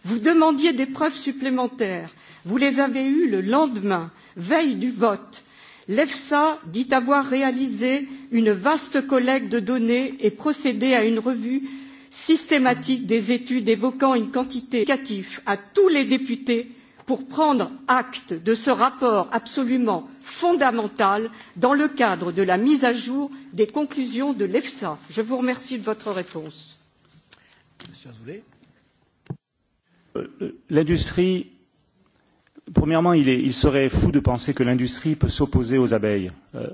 vous demandiez des preuves supplémentaires vous les avez eues le lendemain veille du vote. l'efsa dit avoir réalisé une vaste collecte de données et procédé à une revue systématique des études évoquant une quantité significative à tous les députés pour prendre acte de ce rapport absolument fondamental dans le cadre de la mise à jour des conclusions de l'efsa. je vous remercie de votre réponse. Euh, euh, l'industrie premièrement il, est, il serait fou de penser que l'industrie peut s'opposer aux abeilles. Euh,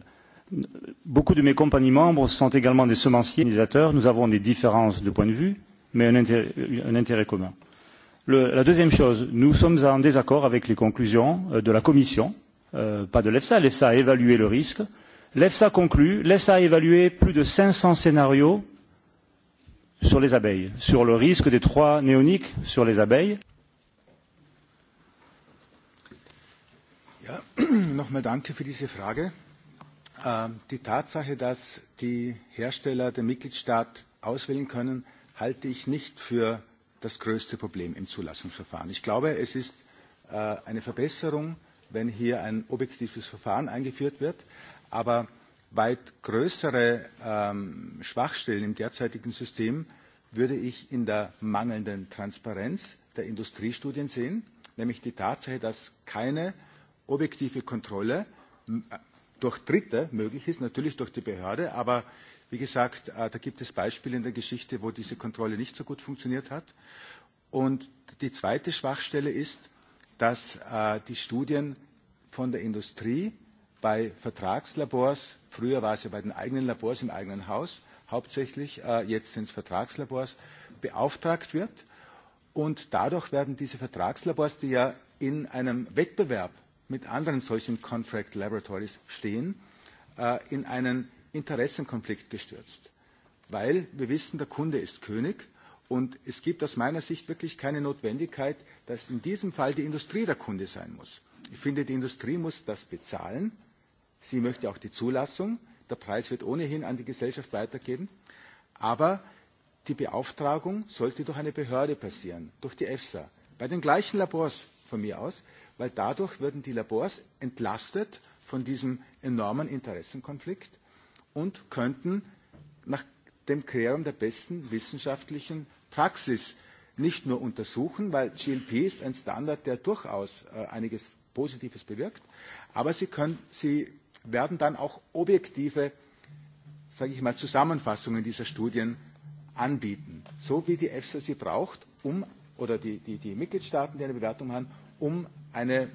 beaucoup de mes compagnies membres sont également des semenciers des organisateurs nous avons des différences de point de vue mais un intérêt, un intérêt commun. Euh, Le, la deuxième chose, nous sommes en désaccord avec les conclusions euh, de la Commission, euh, pas de l'EFSA. L'EFSA a évalué le risque. L'EFSA conclut, l'EFSA a évalué plus de 500 scénarios sur les abeilles, sur le risque des trois néoniques sur les abeilles. Ja, nochmal danke für diese Frage. Ähm, die Tatsache, dass die Hersteller den Mitgliedstaat auswählen können, halte ich nicht für das größte Problem im Zulassungsverfahren. Ich glaube, es ist äh, eine Verbesserung, wenn hier ein objektives Verfahren eingeführt wird, aber weit größere ähm, Schwachstellen im derzeitigen System würde ich in der mangelnden Transparenz der Industriestudien sehen, nämlich die Tatsache, dass keine objektive Kontrolle äh, durch Dritte möglich ist, natürlich durch die Behörde, aber Wie gesagt, äh, da gibt es Beispiele in der Geschichte, wo diese Kontrolle nicht so gut funktioniert hat. Und die zweite Schwachstelle ist, dass äh, die Studien von der Industrie bei Vertragslabors, früher war es ja bei den eigenen Labors im eigenen Haus, hauptsächlich äh, jetzt sind es Vertragslabors, beauftragt wird. Und dadurch werden diese Vertragslabors, die ja in einem Wettbewerb mit anderen solchen Contract Laboratories stehen, äh, in einen Interessenkonflikt gestürzt. Weil wir wissen, der Kunde ist König und es gibt aus meiner Sicht wirklich keine Notwendigkeit, dass in diesem Fall die Industrie der Kunde sein muss. Ich finde, die Industrie muss das bezahlen. Sie möchte auch die Zulassung. Der Preis wird ohnehin an die Gesellschaft weitergeben. Aber die Beauftragung sollte durch eine Behörde passieren, durch die EFSA, bei den gleichen Labors von mir aus, weil dadurch würden die Labors entlastet von diesem enormen Interessenkonflikt und könnten nach dem Kriterium der besten wissenschaftlichen Praxis nicht nur untersuchen, weil GLP ist ein Standard, der durchaus äh, einiges Positives bewirkt, aber sie, können, sie werden dann auch objektive, sage ich mal, Zusammenfassungen dieser Studien anbieten, so wie die EFSA sie braucht, um, oder die, die, die Mitgliedstaaten, die eine Bewertung haben, um eine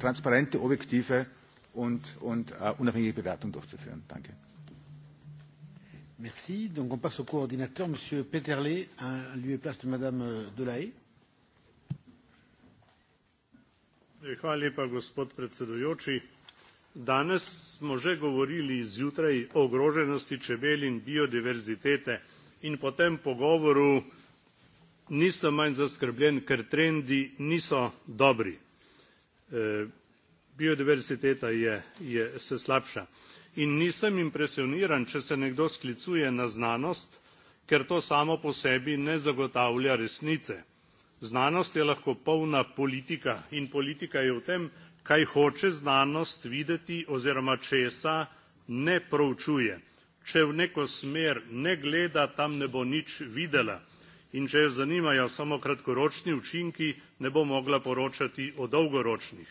transparente, objektive und, und äh, unabhängige Bewertung durchzuführen. Danke. Merci. Donc on passe au coordinateur, Monsieur Peterlet, à lui et place de Madame euh, Delahaye. Hvala lepa, gospod predsedujoči. Danes smo že govorili zjutraj o ogroženosti čebel in biodiverzitete in po tem pogovoru nisem manj zaskrbljen, ker trendi niso dobri. E, biodiverziteta je, je, se slabša in nisem impresioniran, če se nekdo sklicuje na znanost, ker to samo po sebi ne zagotavlja resnice. Znanost je lahko polna politika in politika je v tem, kaj hoče znanost videti oziroma česa ne proučuje. Če v neko smer ne gleda, tam ne bo nič videla in če jo zanimajo samo kratkoročni učinki, ne bo mogla poročati o dolgoročnih.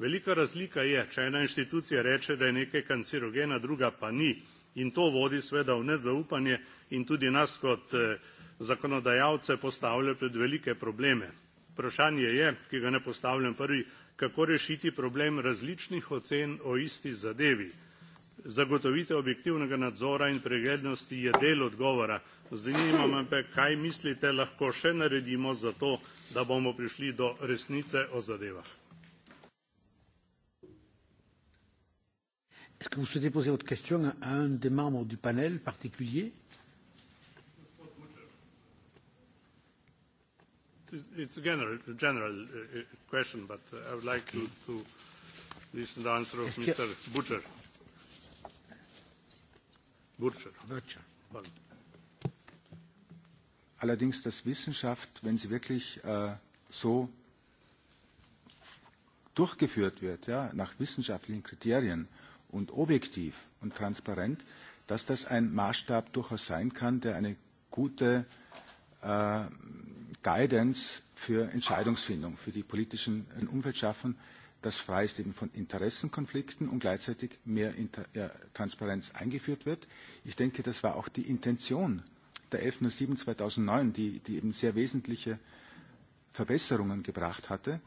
Velika razlika je, če ena inštitucija reče, da je nekaj kancerogena, druga pa ni. In to vodi seveda v nezaupanje in tudi nas kot eh, zakonodajalce postavlja pred velike probleme. Vprašanje je, ki ga ne postavljam prvi, kako rešiti problem različnih ocen o isti zadevi. Zagotovitev objektivnega nadzora in preglednosti je del odgovora. Zanima me, kaj mislite, lahko še naredimo za to, da bomo prišli do resnice o zadevah. Est-ce que vous souhaitez poser votre question à un des membres du panel particulier It's again a general uh, uh, question, but uh, I would like you to listen to the answer of Mr. Butcher. Butcher. Butcher. Pardon. Allerdings, dass Wissenschaft, wenn sie wirklich äh, so durchgeführt wird, ja, nach wissenschaftlichen Kriterien, äh, und objektiv und transparent, dass das ein Maßstab durchaus sein kann, der eine gute äh, Guidance für Entscheidungsfindung, für die politischen äh, Umfeld schaffen, das frei ist eben von Interessenkonflikten und gleichzeitig mehr Inter äh, Transparenz eingeführt wird. Ich denke, das war auch die Intention der 1107 2009, die, die eben sehr wesentliche Verbesserungen gebracht hatte.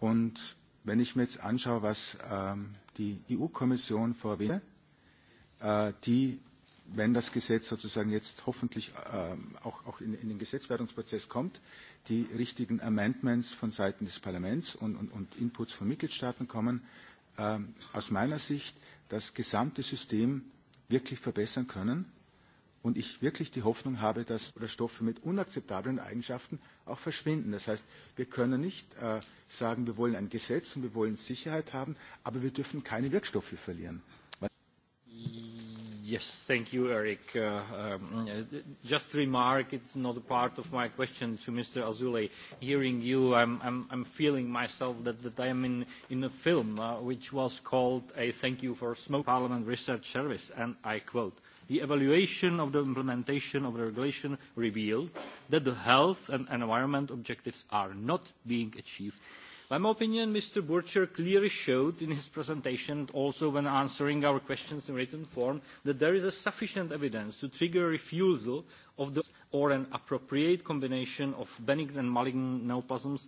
Und Wenn ich mir jetzt anschaue, was ähm, die EU-Kommission verwendet, äh, die, wenn das Gesetz sozusagen jetzt hoffentlich ähm, auch, auch in, in den Gesetzwerdungsprozess kommt, die richtigen Amendments von Seiten des Parlaments und, und, und Inputs von Mitgliedstaaten kommen, ähm, aus meiner Sicht das gesamte System wirklich verbessern können und ich wirklich die Hoffnung habe, dass Stoffe mit unakzeptablen Eigenschaften auch verschwinden. Das heißt, wir können nicht äh, sagen, wir wollen ein Gesetz und wir wollen Sicherheit haben, aber wir dürfen keine Wirkstoffe verlieren. Yes, thank you, Eric. Uh, um, uh, just a remark, it's not a part of my question to Mr. Azule. Hearing you, I'm, I'm, I'm feeling myself that, that I am in, in a film uh, which was called A Thank You for Smoke Parliament Research Service, and I quote, the evaluation of the implementation of the regulation revealed that the health and environment objectives are not being achieved. In my opinion, Mr. Burcher clearly showed in his presentation, also when answering our questions in written form, that there is sufficient evidence to trigger refusal of the or an appropriate combination of benign and malignant neoplasms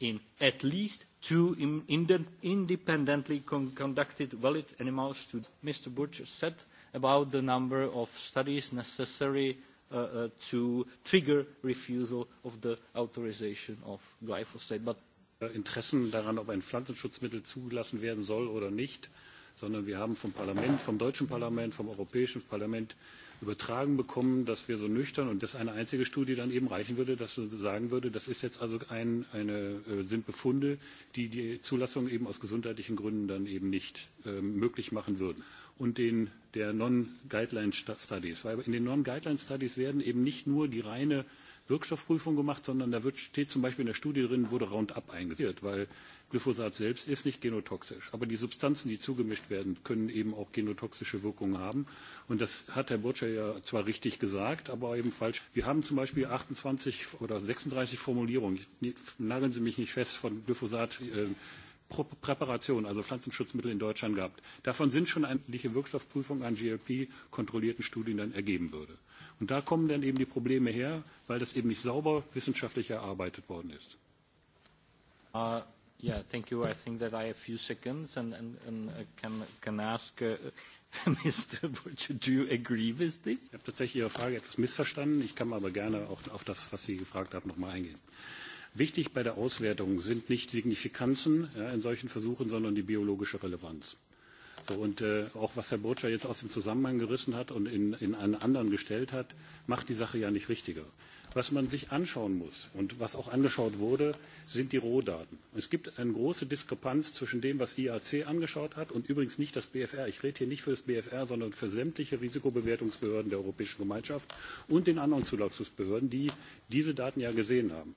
in at least two in, in the, independently con conducted valid animal studies. Mr. Burcher said about the number of studies necessary uh, uh, to trigger refusal of the authorization of glyphosate. But Interessen daran, ob ein Pflanzenschutzmittel zugelassen werden soll oder nicht sondern wir haben vom Parlament, vom deutschen Parlament, vom Europäischen Parlament übertragen bekommen, dass wir so nüchtern und dass eine einzige Studie dann eben reichen würde, dass du sagen würde, das ist jetzt also ein, eine, äh, sind Befunde, die die Zulassung eben aus gesundheitlichen Gründen dann eben nicht äh, möglich machen würden. Und den, der Non-Guideline-Studies. Weil in den Non-Guideline-Studies werden eben nicht nur die reine äh, Wirkstoffprüfung gemacht, sondern da wird, steht zum Beispiel in der Studie drin, wurde Roundup eingesetzt, weil Glyphosat selbst ist nicht genotoxisch. Aber die Substanzen, die zugemischt werden, können eben auch genotoxische Wirkungen haben. Und das hat Herr Burtscher ja zwar richtig gesagt, aber eben falsch. Wir haben zum Beispiel 28 oder 36 Formulierungen, nageln Sie mich nicht fest, von Glyphosat äh, Präparationen, also Pflanzenschutzmittel in Deutschland gehabt. Davon sind schon eigentliche Wirkstoffprüfungen an GLP-kontrollierten Studien dann ergeben würde. Und da kommen dann eben die Probleme her, weil das eben nicht sauber wissenschaftlich erarbeitet worden ist. Uh, yeah, thank you. I think that I have few seconds and, and, and can, can ask uh, Mr. Butcher, do you agree with this? Ich habe tatsächlich Ihre Frage etwas missverstanden. Ich kann aber gerne auch auf das, was Sie gefragt haben, nochmal eingehen. Uh, Wichtig bei der Auswertung sind nicht Signifikanzen ja, in solchen Versuchen, sondern die biologische Relevanz. So, und äh, auch was Herr Burtscher jetzt aus dem Zusammenhang gerissen hat und in, in einen anderen gestellt hat, macht die Sache ja nicht richtiger. Was man sich anschauen muss und was auch angeschaut wurde, sind die Rohdaten. Es gibt eine große Diskrepanz zwischen dem, was IAC angeschaut hat und übrigens nicht das BFR. Ich rede hier nicht für das BFR, sondern für sämtliche Risikobewertungsbehörden der Europäischen Gemeinschaft und den anderen Zulassungsbehörden, die diese Daten ja gesehen haben.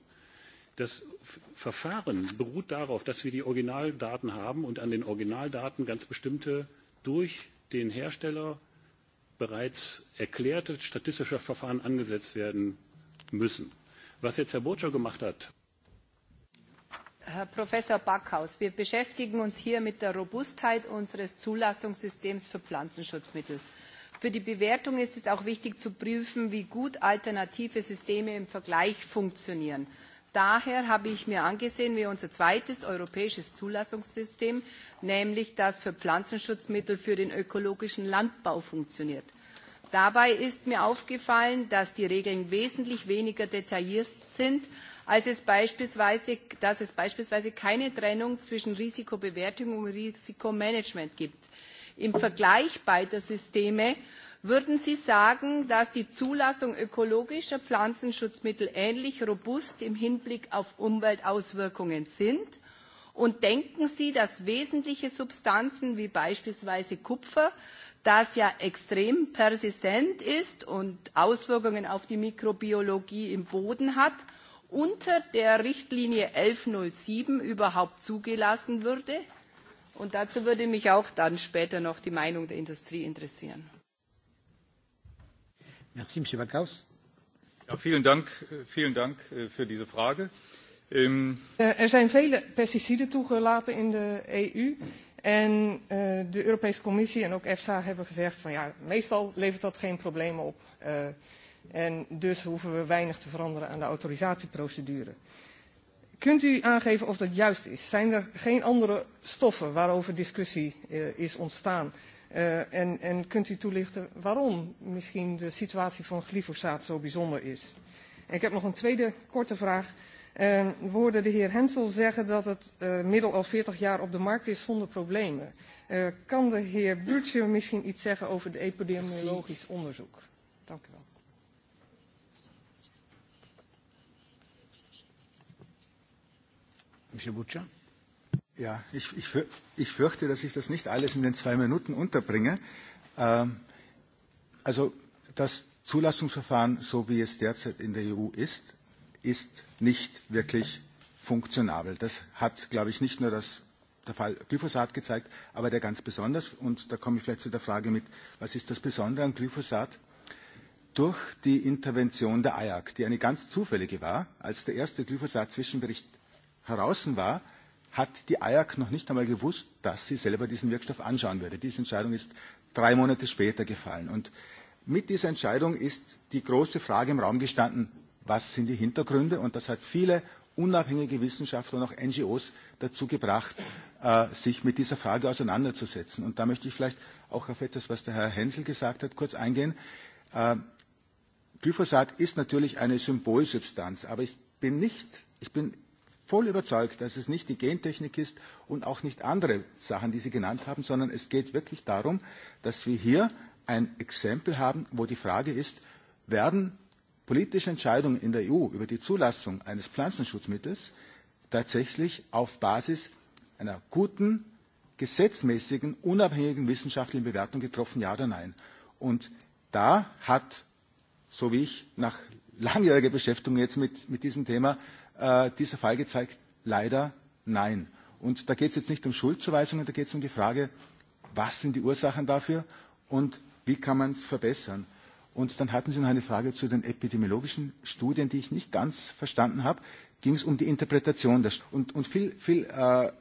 Das Verfahren beruht darauf, dass wir die Originaldaten haben und an den Originaldaten ganz bestimmte durch den Hersteller bereits erklärte statistische Verfahren angesetzt werden müssen. Was jetzt Herr Burcher gemacht hat, Herr Professor Backhaus, wir beschäftigen uns hier mit der Robustheit unseres Zulassungssystems für Pflanzenschutzmittel. Für die Bewertung ist es auch wichtig zu prüfen, wie gut alternative Systeme im Vergleich funktionieren daher habe ich mir angesehen, wie unser zweites europäisches Zulassungssystem, nämlich das für Pflanzenschutzmittel für den ökologischen Landbau funktioniert. Dabei ist mir aufgefallen, dass die Regeln wesentlich weniger detailliert sind, als es beispielsweise, dass es beispielsweise keine Trennung zwischen Risikobewertung und Risikomanagement gibt. Im Vergleich beider Systeme würden sie sagen dass die zulassung ökologischer pflanzenschutzmittel ähnlich robust im hinblick auf umweltauswirkungen ist? und denken sie dass wesentliche substanzen wie beispielsweise kupfer das ja extrem persistent ist und auswirkungen auf die mikrobiologie im boden hat unter der richtlinie elfhundertsieben überhaupt zugelassen würde? und dazu würde mich auch dann später noch die meinung der industrie interessieren. Merci, Monsieur Backhaus. Ja, vielen Dank, vielen Dank äh, für diese Frage. Um... Er zijn vele pesticiden toegelaten in de EU. En uh, de Europese Commissie en ook EFSA hebben gezegd van ja, meestal levert dat geen problemen op. Uh, en dus hoeven we weinig te veranderen aan de autorisatieprocedure. Kunt u aangeven of dat juist is? Zijn er geen andere stoffen waarover discussie uh, is ontstaan? Uh, Uh, en, en kunt u toelichten waarom misschien de situatie van glyfosaat zo bijzonder is? En ik heb nog een tweede korte vraag. Uh, we hoorden de heer Hensel zeggen dat het uh, middel al 40 jaar op de markt is zonder problemen. Uh, kan de heer Buurtje misschien iets zeggen over het epidemiologisch onderzoek? Dank u wel. Monsieur Boucha. Ja, ich, ich, ich fürchte, dass ich das nicht alles in den zwei Minuten unterbringe. Ähm, also das Zulassungsverfahren, so wie es derzeit in der EU ist, ist nicht wirklich funktionabel. Das hat, glaube ich, nicht nur das, der Fall Glyphosat gezeigt, aber der ganz besonders. Und da komme ich vielleicht zu der Frage mit, was ist das Besondere an Glyphosat? Durch die Intervention der IAC, die eine ganz zufällige war, als der erste Glyphosat-Zwischenbericht heraus war, hat die IAC noch nicht einmal gewusst, dass sie selber diesen Wirkstoff anschauen würde. Diese Entscheidung ist drei Monate später gefallen. Und mit dieser Entscheidung ist die große Frage im Raum gestanden, was sind die Hintergründe? Und das hat viele unabhängige Wissenschaftler und auch NGOs dazu gebracht, äh, sich mit dieser Frage auseinanderzusetzen. Und da möchte ich vielleicht auch auf etwas, was der Herr Hensel gesagt hat, kurz eingehen. Äh, Glyphosat ist natürlich eine Symbolsubstanz, aber ich bin nicht, ich bin voll überzeugt, dass es nicht die Gentechnik ist und auch nicht andere Sachen, die Sie genannt haben, sondern es geht wirklich darum, dass wir hier ein Exempel haben, wo die Frage ist, werden politische Entscheidungen in der EU über die Zulassung eines Pflanzenschutzmittels tatsächlich auf Basis einer guten, gesetzmäßigen, unabhängigen wissenschaftlichen Bewertung getroffen, ja oder nein. Und da hat, so wie ich nach langjähriger Beschäftigung jetzt mit, mit diesem Thema, äh, dieser Fall gezeigt, leider nein. Und da geht es jetzt nicht um Schuldzuweisungen, da geht es um die Frage, was sind die Ursachen dafür und wie kann man es verbessern. Und dann hatten Sie noch eine Frage zu den epidemiologischen Studien, die ich nicht ganz verstanden habe. Ging es um die Interpretation der und, und viel, viel äh,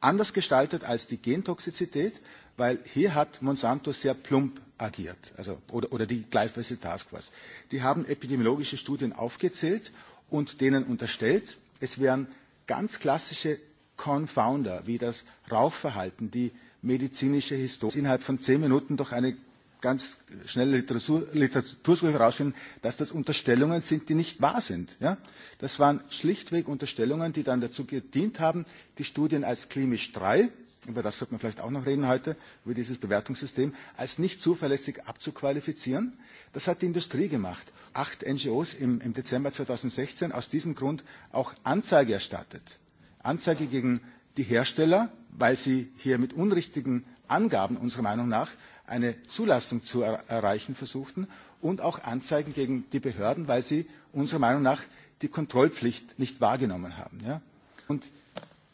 anders gestaltet als die Gentoxizität, weil hier hat Monsanto sehr plump agiert, also, oder, oder die Glyphosate Task Force. Die haben epidemiologische Studien aufgezählt und denen unterstellt, es wären ganz klassische Confounder wie das Rauchverhalten, die medizinische Historie. Innerhalb von zehn Minuten durch eine ganz schnelle Literatur, Literatursuche herausfinden, dass das Unterstellungen sind, die nicht wahr sind. Ja? Das waren schlichtweg Unterstellungen, die dann dazu gedient haben, die Studien als klinisch drei über das sollte man vielleicht auch noch reden heute, über dieses Bewertungssystem, als nicht zuverlässig abzuqualifizieren. Das hat die Industrie gemacht. Acht NGOs im, im Dezember 2016 aus diesem Grund auch Anzeige erstattet. Anzeige gegen die Hersteller, weil sie hier mit unrichtigen Angaben unserer Meinung nach eine Zulassung zu er erreichen versuchten und auch Anzeigen gegen die Behörden, weil sie unserer Meinung nach die Kontrollpflicht nicht wahrgenommen haben. Ja? Und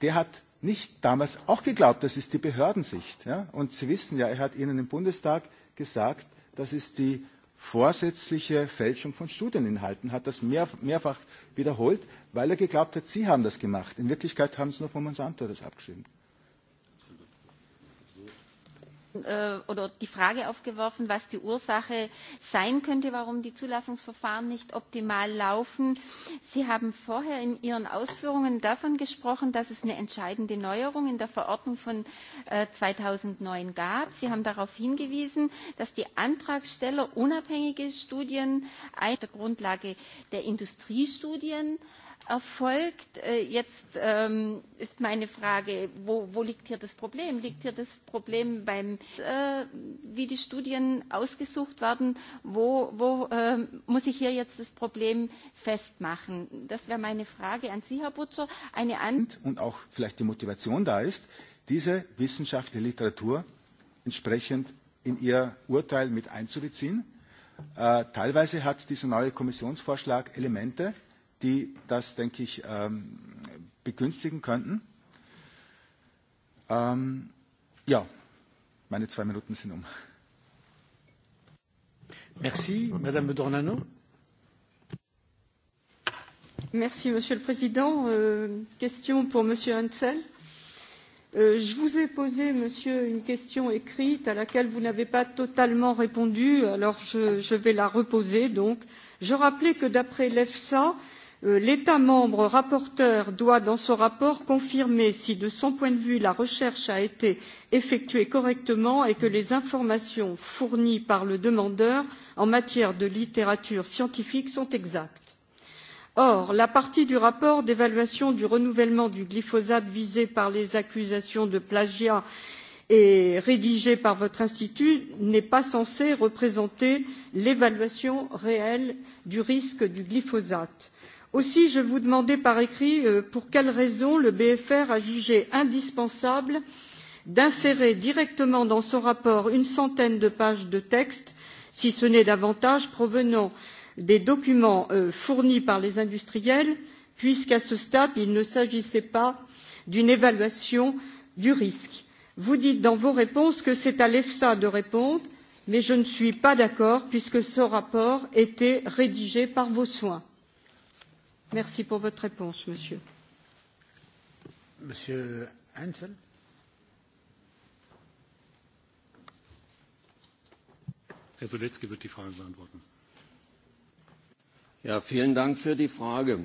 der hat nicht damals auch geglaubt, das ist die Behördensicht. Ja? Und Sie wissen ja, er hat Ihnen im Bundestag gesagt, dass es die vorsätzliche Fälschung von Studieninhalten hat, das mehr, mehrfach wiederholt, weil er geglaubt hat, Sie haben das gemacht. In Wirklichkeit haben es nur von Monsanto das abgeschrieben. Äh, oder die Frage aufgeworfen, was die Ursache sein könnte, warum die Zulassungsverfahren nicht optimal laufen. Sie haben vorher in Ihren Ausführungen davon gesprochen, dass es eine entscheidende Neuerung in der Verordnung von 2009 äh, gab. Sie haben darauf hingewiesen, dass die Antragsteller unabhängige Studien auf der Grundlage der Industriestudien äh, erfolgt. Äh, jetzt ähm, ist meine Frage, wo, wo liegt hier das Problem? Liegt hier das Problem beim, äh, wie die Studien ausgesucht werden? Wo, wo äh, muss ich hier jetzt das Problem festmachen? Das wäre meine Frage an Sie, Herr Butcher. Eine an und auch vielleicht die Motivation da ist, diese wissenschaftliche Literatur entsprechend in ihr Urteil mit einzubeziehen. Äh, teilweise hat dieser neue Kommissionsvorschlag Elemente, die das, denke ich, ähm, begünstigen könnten. Ähm, ja, meine zwei Minuten sind um. Merci, Madame Dornano. Merci, Monsieur le Président. Euh, question pour Monsieur Hansel. Euh, je vous ai posé, Monsieur, une question écrite à laquelle vous n'avez pas totalement répondu, alors je, je vais la reposer. Donc, je rappelais que d'après l'EFSA, euh, Euh, l'état membre rapporteur doit dans son rapport confirmer si de son point de vue la recherche a été effectuée correctement et que les informations fournies par le demandeur en matière de littérature scientifique sont exactes. or la partie du rapport d'évaluation du renouvellement du glyphosate visée par les accusations de plagiat et rédigée par votre institut n'est pas censée représenter l'évaluation réelle du risque du glyphosate aussi je vous demandais par écrit euh, pour quelles raisons le bfr a jugé indispensable d'insérer directement dans son rapport une centaine de pages de texte si ce n'est davantage provenant des documents euh, fournis par les industriels puisqu'à ce stade il ne s'agissait pas d'une évaluation du risque. vous dites dans vos réponses que c'est à l'efsa de répondre mais je ne suis pas d'accord puisque ce rapport était rédigé par vos soins. Merci pour votre réponse, monsieur. Monsieur Hansen. Herr Soletzki wird die Frage beantworten. Ja, vielen Dank für die Frage.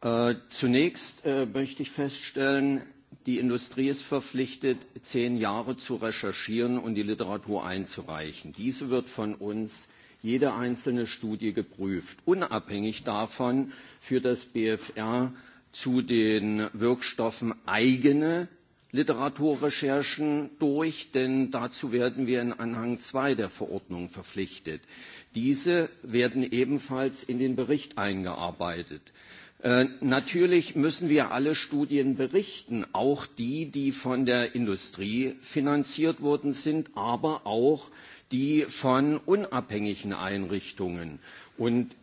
Äh, zunächst äh, möchte ich feststellen, die Industrie ist verpflichtet, zehn Jahre zu recherchieren und die Literatur einzureichen. Diese wird von uns jede einzelne Studie geprüft, unabhängig davon für das BFR zu den Wirkstoffen eigene Literaturrecherchen durch, denn dazu werden wir in Anhang 2 der Verordnung verpflichtet. Diese werden ebenfalls in den Bericht eingearbeitet. Äh, natürlich müssen wir alle Studien berichten, auch die, die von der Industrie finanziert worden sind, aber auch äh, die von unabhängigen Einrichtungen. Und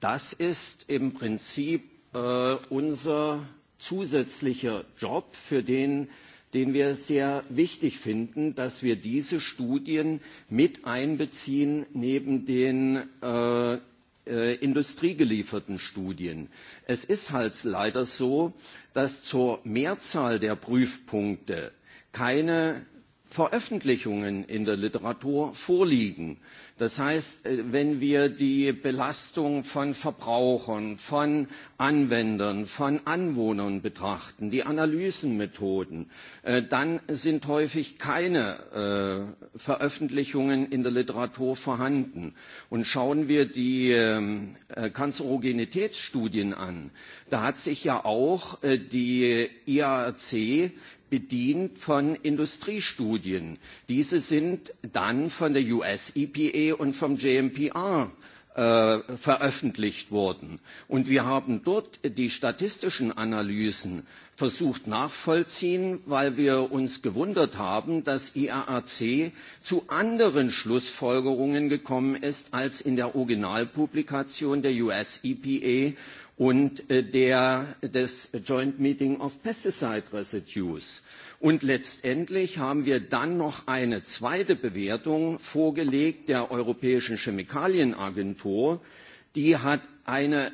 das ist im Prinzip äh, unser zusätzlicher Job, für den, den wir sehr wichtig finden, dass wir diese Studien mit einbeziehen neben den äh, äh, industriegelieferten Studien. Es ist halt leider so, dass zur Mehrzahl der Prüfpunkte keine Veröffentlichungen in der Literatur vorliegen. Das heißt, äh, wenn wir die Belastung von Verbrauchern, von Anwendern, von Anwohnern betrachten, die Analysenmethoden, äh, dann sind häufig keine äh, Veröffentlichungen in der Literatur vorhanden. Und schauen wir die ähm, Kanzerogenitätsstudien an, da hat sich ja auch die IARC e bedient von Industriestudien. Diese sind dann von der US EPA und vom JMPR äh, veröffentlicht worden. Und wir haben dort die statistischen Analysen versucht nachvollziehen, weil wir uns gewundert haben, dass IAAC zu anderen Schlussfolgerungen gekommen ist als in der Originalpublikation der US EPA und äh, der, des Joint Meeting of Pesticide Residues. Und letztendlich haben wir dann noch eine zweite Bewertung vorgelegt der Europäischen Chemikalienagentur. Die hat eine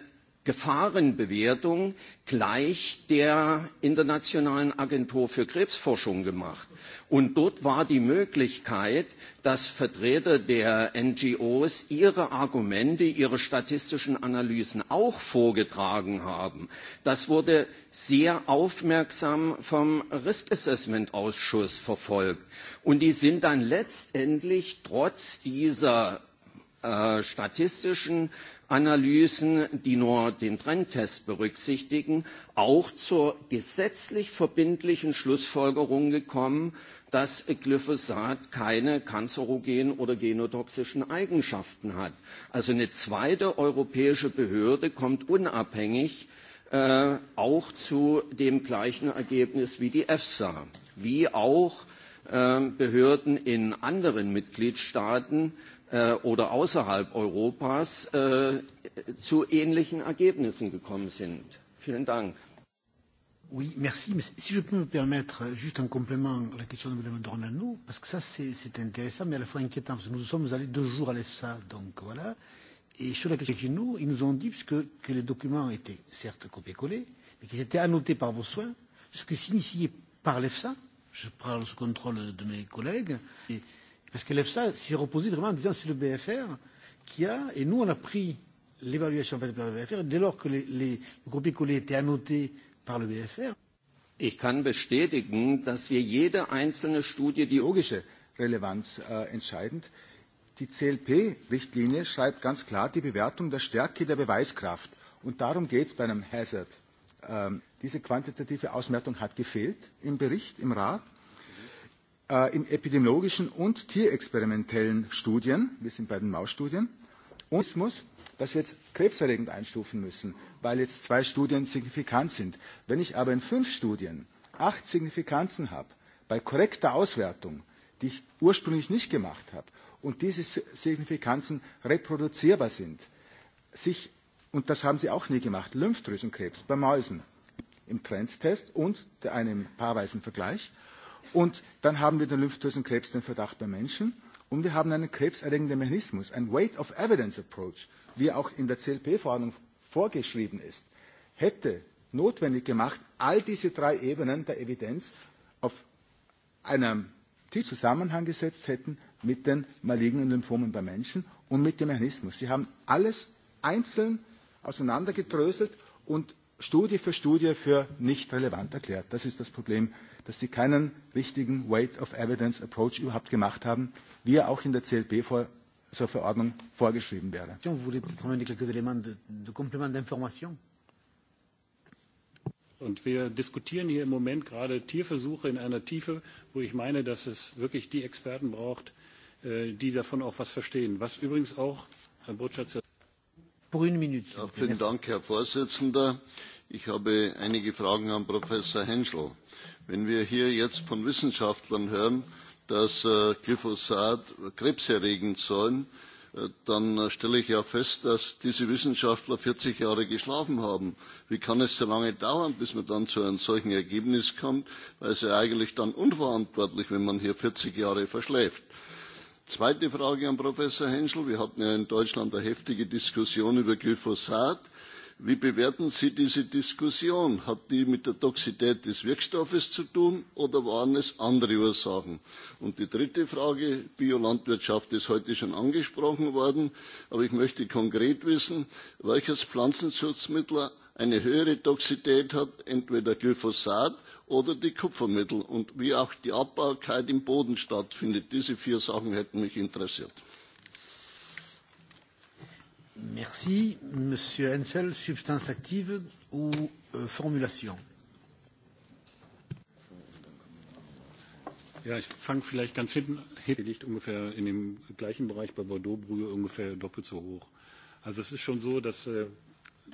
Gefahrenbewertung gleich der Internationalen Agentur für Krebsforschung gemacht. Und dort war die Möglichkeit, dass Vertreter der NGOs ihre Argumente, ihre statistischen Analysen auch vorgetragen haben. Das wurde sehr aufmerksam vom Risk Assessment Ausschuss verfolgt. Und die sind dann letztendlich trotz dieser äh, statistischen Analysen, die nur den Trendtest berücksichtigen, auch zur gesetzlich verbindlichen Schlussfolgerung gekommen, dass Glyphosat keine kanzerogenen oder genotoxischen Eigenschaften hat. Also eine zweite europäische Behörde kommt unabhängig äh, auch zu dem gleichen Ergebnis wie die EFSA, wie auch äh, Behörden in anderen Mitgliedstaaten äh, äh, oder außerhalb Europas äh, zu ähnlichen Ergebnissen gekommen sind. Vielen Dank. Oui, merci. Mais si je peux me permettre juste un complément à la question de Mme Dornano, parce que ça c'est intéressant, mais à la fois inquiétant, parce que nous sommes allés deux jours à l'EFSA, donc voilà. Et sur la question chez nous, ils nous ont dit puisque, que les documents étaient certes copiés-collés, mais qu'ils étaient annotés par vos soins, ce que signifiait par l'EFSA, je parle sous contrôle de mes collègues, et, Parce que l'EFSA s'est reposé vraiment en disant c'est le BFR qui a, et nous on a pris l'évaluation faite par le BFR dès lors que les, les, le copier-coller était annoté par le BFR. Ich kann bestätigen, dass wir jede einzelne Studie, die logische Relevanz äh, entscheidend. Die CLP-Richtlinie schreibt ganz klar die Bewertung der Stärke der Beweiskraft. Und darum geht es bei einem Hazard. Ähm, diese quantitative Auswertung hat gefehlt im Bericht, im Rat äh, in epidemiologischen und tierexperimentellen Studien, wir sind bei den Mausstudien, und dass wir jetzt krebserregend einstufen müssen, weil jetzt zwei Studien signifikant sind. Wenn ich aber in fünf Studien acht Signifikanzen habe, bei korrekter Auswertung, die ich ursprünglich nicht gemacht habe, und diese Signifikanzen reproduzierbar sind, sich, und das haben sie auch nie gemacht, Lymphdrüsenkrebs bei Mäusen im Trendtest und einem paarweisen Vergleich Und dann haben wir den Lymphdrasenkrebs, den Verdacht bei Menschen. Und wir haben einen krebserregenden Mechanismus, ein Weight of Evidence Approach, wie er auch in der CLP-Verordnung vorgeschrieben ist, hätte notwendig gemacht, all diese drei Ebenen der Evidenz auf einem die Zusammenhang gesetzt hätten mit den malignen Lymphomen bei Menschen und mit dem Mechanismus. Sie haben alles einzeln auseinandergedröselt und Studie für Studie für nicht relevant erklärt. Das ist das Problem, dass sie keinen richtigen Weight of Evidence Approach überhaupt gemacht haben, wie er auch in der CLP vor, zur Verordnung vorgeschrieben wäre. Vous voulez peut-être amener quelques éléments de, de complément d'information? Und wir diskutieren hier im Moment gerade Tierversuche in einer Tiefe, wo ich meine, dass es wirklich die Experten braucht, äh, die davon auch was verstehen. Was übrigens auch, Herr Butschatz, pour une minute. Ja, vielen Dank, Herr Vorsitzender. Ich habe einige Fragen an Professor Henschel. Wenn wir hier jetzt von Wissenschaftlern hören, dass äh, Glyphosat krebserregend sollen, äh, dann äh, stelle ich ja fest, dass diese Wissenschaftler 40 Jahre geschlafen haben. Wie kann es so lange dauern, bis man dann zu einem solchen Ergebnis kommt? Weil es ja eigentlich dann unverantwortlich, wenn man hier 40 Jahre verschläft. Äh, Zweite Frage an Professor Henschel. Wir hatten ja in Deutschland eine heftige Diskussion über Glyphosat. Wie bewerten Sie diese Diskussion? Hat die mit der Toxität des Wirkstoffes zu tun oder waren es andere Ursachen? Und die dritte Frage, Biolandwirtschaft ist heute schon angesprochen worden, aber ich möchte konkret wissen, welches Pflanzenschutzmittel eine höhere Toxität hat, entweder Glyphosat oder die Kupfermittel und wie auch die Abbaubarkeit im Boden stattfindet. Diese vier Sachen hätten mich interessiert. Merci. Monsieur Hensel, substance active ou euh, formulation Ja, ich fange vielleicht ganz hinten. Die liegt ungefähr in dem gleichen Bereich bei Bordeaux-Brühe ungefähr doppelt so hoch. Also es ist schon so, dass äh,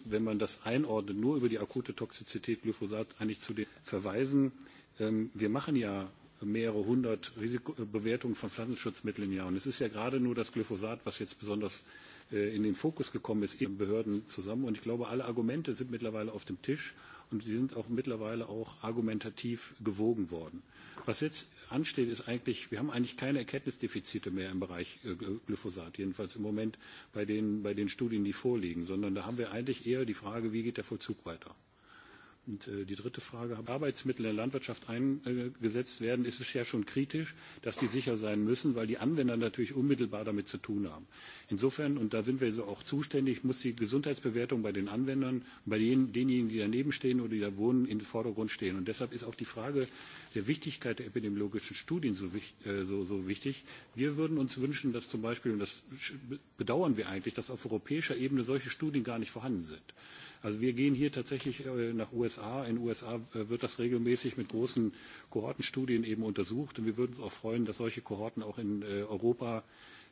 wenn man das einordnet, nur über die akute Toxizität Glyphosat eigentlich zu den verweisen. Ähm, wir machen ja mehrere hundert Risiko Bewertungen von Pflanzenschutzmitteln im Jahr. Und es ist ja gerade nur das Glyphosat, was jetzt besonders äh, in den Fokus gekommen ist, eben Behörden zusammen. Und ich glaube, alle Argumente sind mittlerweile auf dem Tisch und sie sind auch mittlerweile auch argumentativ gewogen worden. Was jetzt ansteht, ist eigentlich, wir haben eigentlich keine Erkenntnisdefizite mehr im Bereich äh, Glyphosat, jedenfalls im Moment bei den, bei den Studien, die vorliegen, sondern da haben wir eigentlich eher die Frage, wie geht der Vollzug weiter. Und äh, die dritte Frage, Arbeitsmittel in der Landwirtschaft eingesetzt werden, ist es ja schon kritisch, dass die sicher sein müssen, weil die Anwender natürlich unmittelbar damit zu tun haben. Insofern, und da sind wir so auch zuständig, muss die Gesundheitsbewertung bei den Anwendern, bei den, denjenigen, die daneben stehen oder die da wohnen, in den Vordergrund stehen. Und deshalb ist auch die Frage der Wichtigkeit der epidemiologischen Studien so, äh, so, so wichtig. Wir würden uns wünschen, dass zum Beispiel, und das bedauern wir eigentlich, dass auf europäischer Ebene solche Studien gar nicht vorhanden sind. Also wir gehen hier tatsächlich äh, nach USA. In den USA äh, wird das regelmäßig mit großen Kohortenstudien eben untersucht. Und wir würden uns auch freuen, dass solche Kohorten auch in äh, Europa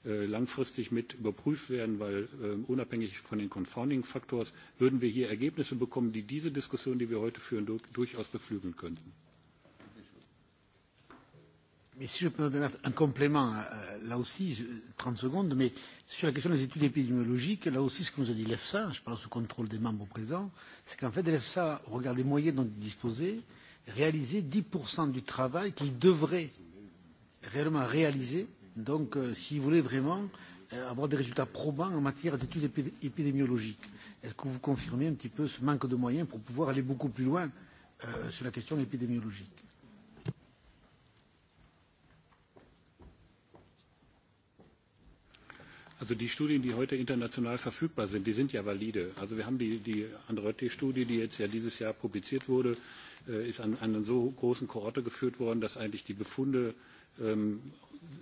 langfristig mit überprüft werden, weil ähm, unabhängig von den Confounding Factors würden wir hier Ergebnisse bekommen, die diese Diskussion, die wir heute führen, durchaus beflügeln könnten. Mais si je peux me permettre un complément, euh, là aussi, 30 secondes, mais sur la question des études épidémiologiques, là aussi, ce que nous a dit l'EFSA, je parle sous contrôle des membres présents, c'est qu'en fait, l'EFSA, au regard des moyens dont il disposait, réalisait 10% du travail qu'il devrait réellement réaliser. Donc, euh, s'il voulait vraiment euh, avoir des résultats probants en matière d'études épid épidémiologiques, est-ce que vous confirmez un petit peu ce manque de moyens pour pouvoir aller beaucoup plus loin euh, sur la question épidémiologique Also die Studien, die heute international verfügbar sind, die sind ja valide. Also wir haben die, die Andretti-Studie, die jetzt ja dieses Jahr publiziert wurde, äh, ist an, an einer so großen Kohorte geführt worden, dass eigentlich die Befunde ähm,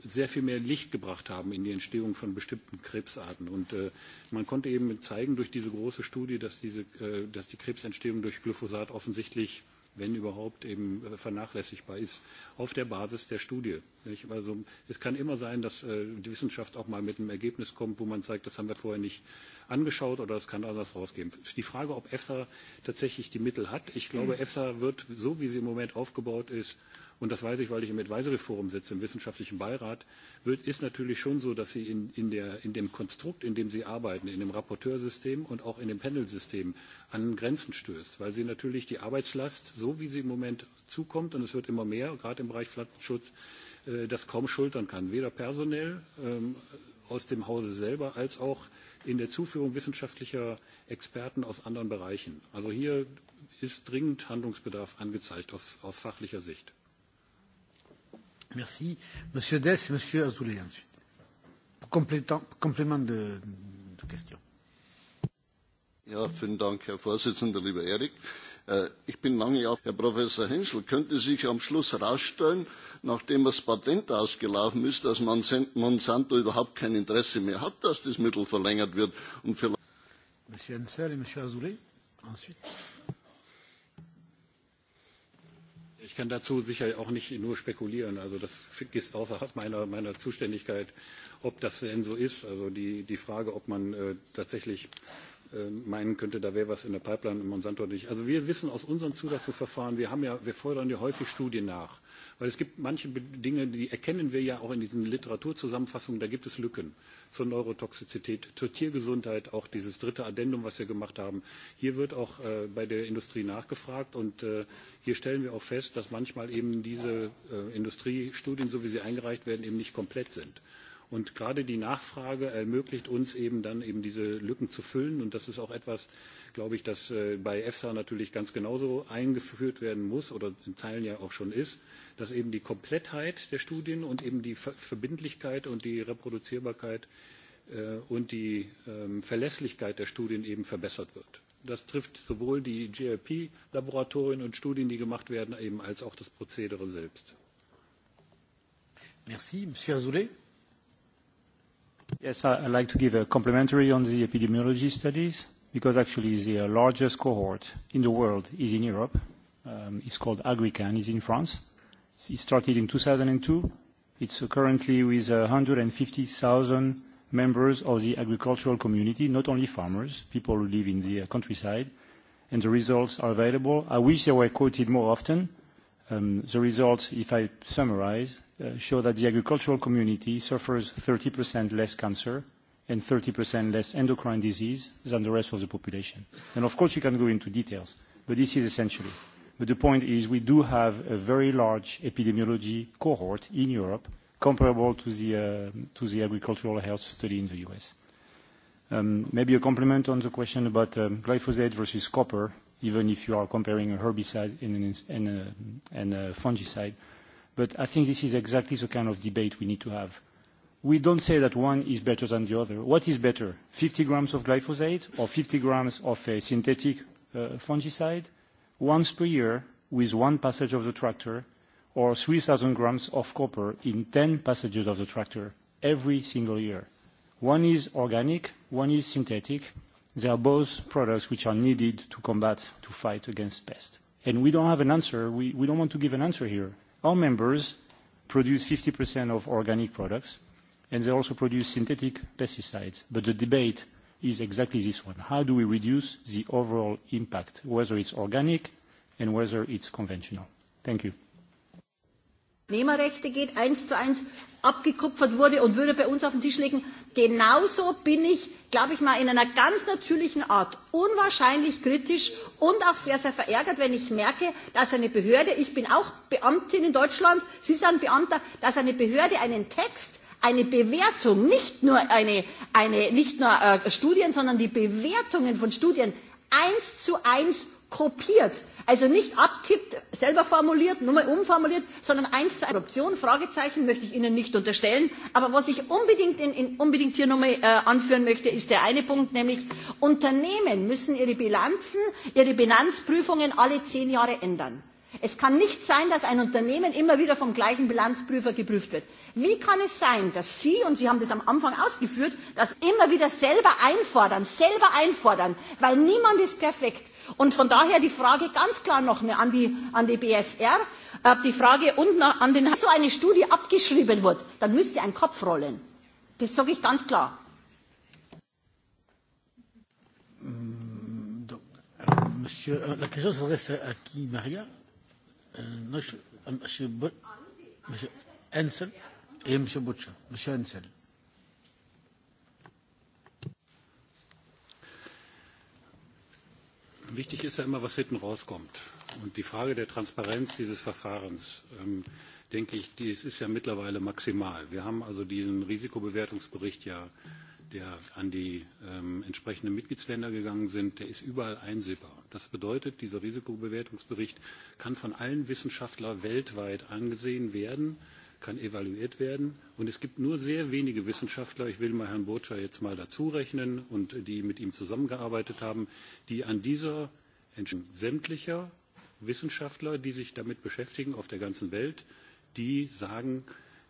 sehr viel mehr Licht gebracht haben in die Entstehung von bestimmten Krebsarten. Und äh, man konnte eben zeigen durch diese große Studie, dass, diese, äh, dass die Krebsentstehung durch Glyphosat offensichtlich wenn überhaupt, eben äh, vernachlässigbar ist, auf der Basis der Studie. Nicht? Also es kann immer sein, dass äh, die Wissenschaft auch mal mit einem Ergebnis kommt, wo man zeigt, das haben wir vorher nicht angeschaut oder es kann anders rausgehen. Die Frage, ob EFSA tatsächlich die Mittel hat, ich glaube, mhm. EFSA wird, so wie sie im Moment aufgebaut ist, und das weiß ich, weil ich im Advisory Forum sitze, im wissenschaftlichen Beirat, wird, ist natürlich schon so, dass Sie in, in, der, in dem Konstrukt, in dem Sie arbeiten, in dem Rapporteursystem und auch in dem Panelsystem an Grenzen stößt, weil Sie natürlich die Arbeitslast, so wie sie im Moment zukommt, und es wird immer mehr, gerade im Bereich Pflanzenschutz, äh, das kaum schultern kann. Weder personell ähm, aus dem Hause selber als auch in der Zuführung wissenschaftlicher Experten aus anderen Bereichen. Also hier ist dringend Handlungsbedarf angezeigt aus, aus fachlicher Sicht. Merci. Monsieur Dess et Monsieur Azoulay ensuite. Komplétant, Komplement de, de question. Ja, vielen Dank, Herr Vorsitzender, lieber Erik. Äh, ich bin lange auf. Herr Professor Henschel, könnte sich am Schluss herausstellen, nachdem das Patent ausgelaufen ist, dass Monsanto überhaupt kein Interesse mehr hat, dass das Mittel verlängert wird? Und vielleicht Monsieur Ansel et Monsieur Azoulay, ensuite. Ich kann dazu sicher auch nicht nur spekulieren. Also das ist außerhalb meiner, meiner Zuständigkeit, ob das denn so ist. Also die, die Frage, ob man äh, tatsächlich äh, Äh, meinen könnte, da wäre was in der Pipeline und Monsanto nicht. Also wir wissen aus unseren Zulassungsverfahren, wir, haben ja, wir fordern ja häufig Studien nach. Weil es gibt manche Dinge, die erkennen wir ja auch in diesen Literaturzusammenfassungen, da gibt es Lücken zur Neurotoxizität, zur Tiergesundheit, auch dieses dritte Addendum, was wir gemacht haben. Hier wird auch äh, bei der Industrie nachgefragt und äh, hier stellen wir auch fest, dass manchmal eben diese äh, Industriestudien, so wie sie eingereicht werden, eben nicht komplett sind. Und gerade die Nachfrage ermöglicht uns eben dann eben diese Lücken zu füllen. Und das ist auch etwas, glaube ich, das äh, bei EFSA natürlich ganz genauso eingeführt werden muss oder in Teilen ja auch schon ist, dass eben die Komplettheit der Studien und eben die Verbindlichkeit und die Reproduzierbarkeit äh, und die ähm, Verlässlichkeit der Studien eben verbessert wird. Das trifft sowohl die GLP-Laboratorien und Studien, die gemacht werden, eben als auch das Prozedere selbst. Merci, Monsieur Azoulay. Yes, I'd like to give a complimentary on the epidemiology studies because actually the uh, largest cohort in the world is in Europe. Um, it's called AgriCan. It's in France. It started in 2002. It's uh, currently with 150,000 uh, members of the agricultural community, not only farmers, people who live in the countryside, and the results are available. I wish they were quoted more often. Um, the results, if I summarize, uh, show that the agricultural community suffers 30% less cancer and 30% less endocrine disease than the rest of the population. And of course, you can go into details, but this is essentially. But the point is, we do have a very large epidemiology cohort in Europe comparable to the, uh, to the agricultural health study in the U.S. Um, maybe a compliment on the question about um, glyphosate versus copper, even if you are comparing a herbicide and, an, and, a, and a fungicide. But I think this is exactly the kind of debate we need to have. We don't say that one is better than the other. What is better, 50 grams of glyphosate or 50 grams of a synthetic uh, fungicide once per year with one passage of the tractor or 3,000 grams of copper in 10 passages of the tractor every single year? One is organic, one is synthetic. They are both products which are needed to combat, to fight against pests. And we don't have an answer. We, we don't want to give an answer here Our members produce 50% of organic products, and they also produce synthetic pesticides. But the debate is exactly this one. How do we reduce the overall impact, whether it's organic and whether it's conventional? Thank you. Nehmerrechte geht eins zu eins abgekupfert wurde und würde bei uns auf den Tisch legen. Genauso bin ich, glaube ich mal, in einer ganz natürlichen Art unwahrscheinlich kritisch und auch sehr, sehr verärgert, wenn ich merke, dass eine Behörde, ich bin auch Beamtin in Deutschland, Sie sind Beamter, dass eine Behörde einen Text eine Bewertung, nicht nur, eine, eine, nicht nur äh, Studien, sondern die Bewertungen von Studien eins zu eins kopiert. Also nicht abtippt, selber formuliert, nur mal umformuliert, sondern eins zu Adoption, Fragezeichen möchte ich Ihnen nicht unterstellen. Aber was ich unbedingt, in, in, unbedingt hier nochmal äh, anführen möchte, ist der eine Punkt, nämlich Unternehmen müssen ihre Bilanzen, ihre Bilanzprüfungen alle zehn Jahre ändern. Es kann nicht sein, dass ein Unternehmen immer wieder vom gleichen Bilanzprüfer geprüft wird. Wie kann es sein, dass Sie, und Sie haben das am Anfang ausgeführt, das immer wieder selber einfordern, selber einfordern, weil niemand ist perfekt. Und von daher die Frage ganz klar noch mehr an die, an die BFR, äh, die Frage und nach, an den, wenn so eine Studie abgeschrieben wird, dann müsste ein Kopf rollen. Das sage ich ganz klar. Mm, donc, alors, monsieur, euh, la question s'adresse à, à qui, Maria euh, non, je, à euh, Monsieur, Bo, monsieur Hensel et Monsieur Butcher. Monsieur Hensel. Euh, Wichtig ist ja immer, was hinten rauskommt. Und die Frage der Transparenz dieses Verfahrens, ähm, denke ich, die ist ja mittlerweile maximal. Wir haben also diesen Risikobewertungsbericht ja, der an die ähm, entsprechenden Mitgliedsländer gegangen sind, der ist überall einsehbar. Das bedeutet, dieser Risikobewertungsbericht kann von allen Wissenschaftlern weltweit angesehen werden. Äh, kann evaluiert werden. Und es gibt nur sehr wenige Wissenschaftler, ich will mal Herrn Botscher jetzt mal dazu rechnen und die mit ihm zusammengearbeitet haben, die an dieser Entscheidung sämtlicher Wissenschaftler, die sich damit beschäftigen auf der ganzen Welt, die sagen,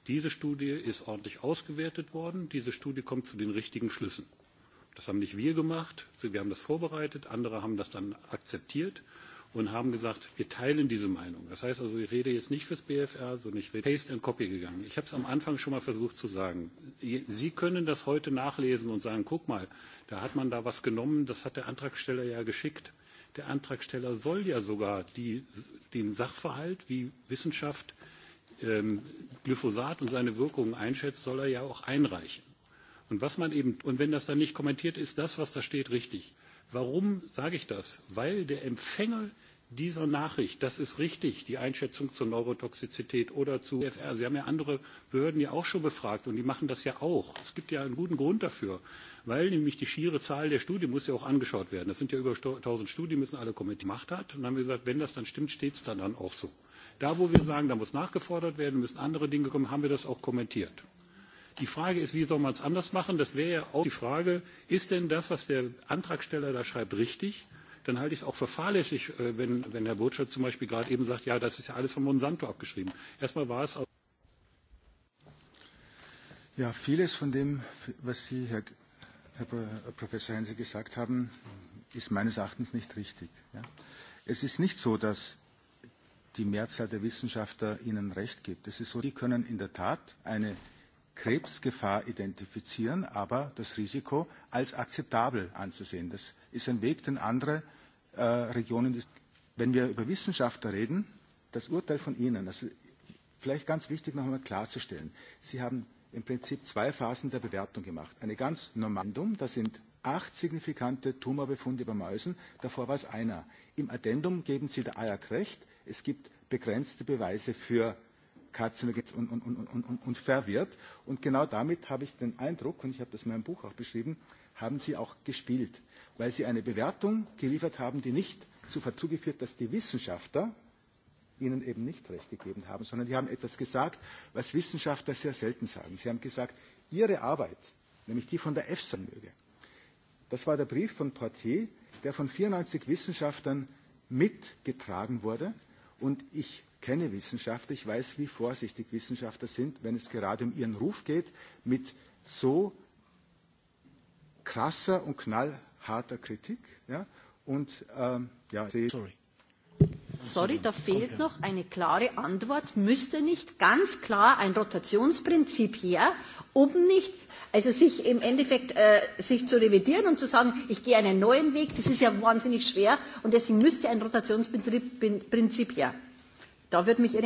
diese Studie ist ordentlich ausgewertet worden, diese Studie kommt zu den richtigen Schlüssen. Das haben nicht wir gemacht, wir haben das vorbereitet, andere haben das dann akzeptiert und haben gesagt, wir teilen diese Meinung. Das heißt also, ich rede jetzt nicht fürs BFR, sondern ich rede Paste and Copy gegangen. Ich habe es am Anfang schon mal versucht zu sagen. Sie können das heute nachlesen und sagen, guck mal, da hat man da was genommen, das hat der Antragsteller ja geschickt. Der Antragsteller soll ja sogar die, den Sachverhalt, wie Wissenschaft ähm, Glyphosat und seine Wirkungen einschätzt, soll er ja auch einreichen. Und was man eben, und wenn das dann nicht kommentiert, ist das, was da steht, richtig. Warum sage ich das? Weil der Empfänger dieser Nachricht, das ist richtig, die Einschätzung zur Neurotoxizität oder zu FR. E Sie haben ja andere Behörden ja auch schon befragt und die machen das ja auch. Es gibt ja einen guten Grund dafür, weil nämlich die schiere Zahl der Studien muss ja auch angeschaut werden. Das sind ja über 1000 Studien, müssen alle Komitee gemacht hat. Und dann haben wir gesagt, wenn das dann stimmt, steht es dann, dann auch so. Da, wo wir sagen, da muss nachgefordert werden, müssen andere Dinge kommen, haben wir das auch kommentiert. Die Frage ist, wie soll man es anders machen? Das wäre ja auch die Frage, ist denn das, was der Antragsteller da schreibt, richtig? dann halte ich es auch für fahrlässig, äh, wenn, wenn Herr Botschaft zum Beispiel gerade eben sagt, ja, das ist ja alles von Monsanto abgeschrieben. Erstmal war es. Ja, vieles von dem, was Sie, Herr, Herr Professor Heinze, gesagt haben, ist meines Erachtens nicht richtig. Ja? Es ist nicht so, dass die Mehrzahl der Wissenschaftler Ihnen recht gibt. Es ist so, die können in der Tat eine Krebsgefahr identifizieren, aber das Risiko als akzeptabel anzusehen. Das ist ein Weg, den andere äh, Regionen. Des Wenn wir über Wissenschaftler reden, das Urteil von Ihnen, das ist vielleicht ganz wichtig nochmal klarzustellen. Sie haben im Prinzip zwei Phasen der Bewertung gemacht. Eine ganz normale, da sind acht signifikante Tumorbefunde bei Mäusen, davor war es einer. Im Addendum geben Sie der AJAC recht, es gibt begrenzte Beweise für karzinogen und, und, und, und, und verwirrt. Und genau damit habe ich den Eindruck, und ich habe das in meinem Buch auch beschrieben, haben sie auch gespielt, weil sie eine Bewertung geliefert haben, die nicht dazu geführt, dass die Wissenschaftler ihnen eben nicht recht gegeben haben, sondern die haben etwas gesagt, was Wissenschaftler sehr selten sagen. Sie haben gesagt, ihre Arbeit, nämlich die von der EFSA möge. Das war der Brief von Portier, der von 94 Wissenschaftlern mitgetragen wurde. Und ich kenne Wissenschaftler, ich weiß, wie vorsichtig Wissenschaftler sind, wenn es gerade um ihren Ruf geht, mit so krasser und knallharter Kritik. Ja? Und ähm, ja, Sorry. Sorry, da fehlt noch eine klare Antwort. Müsste nicht ganz klar ein Rotationsprinzip her, um nicht, also sich im Endeffekt äh, sich zu revidieren und zu sagen, ich gehe einen neuen Weg, das ist ja wahnsinnig schwer und deswegen müsste ein Rotationsprinzip Prinzip her. Da würde mich Ihre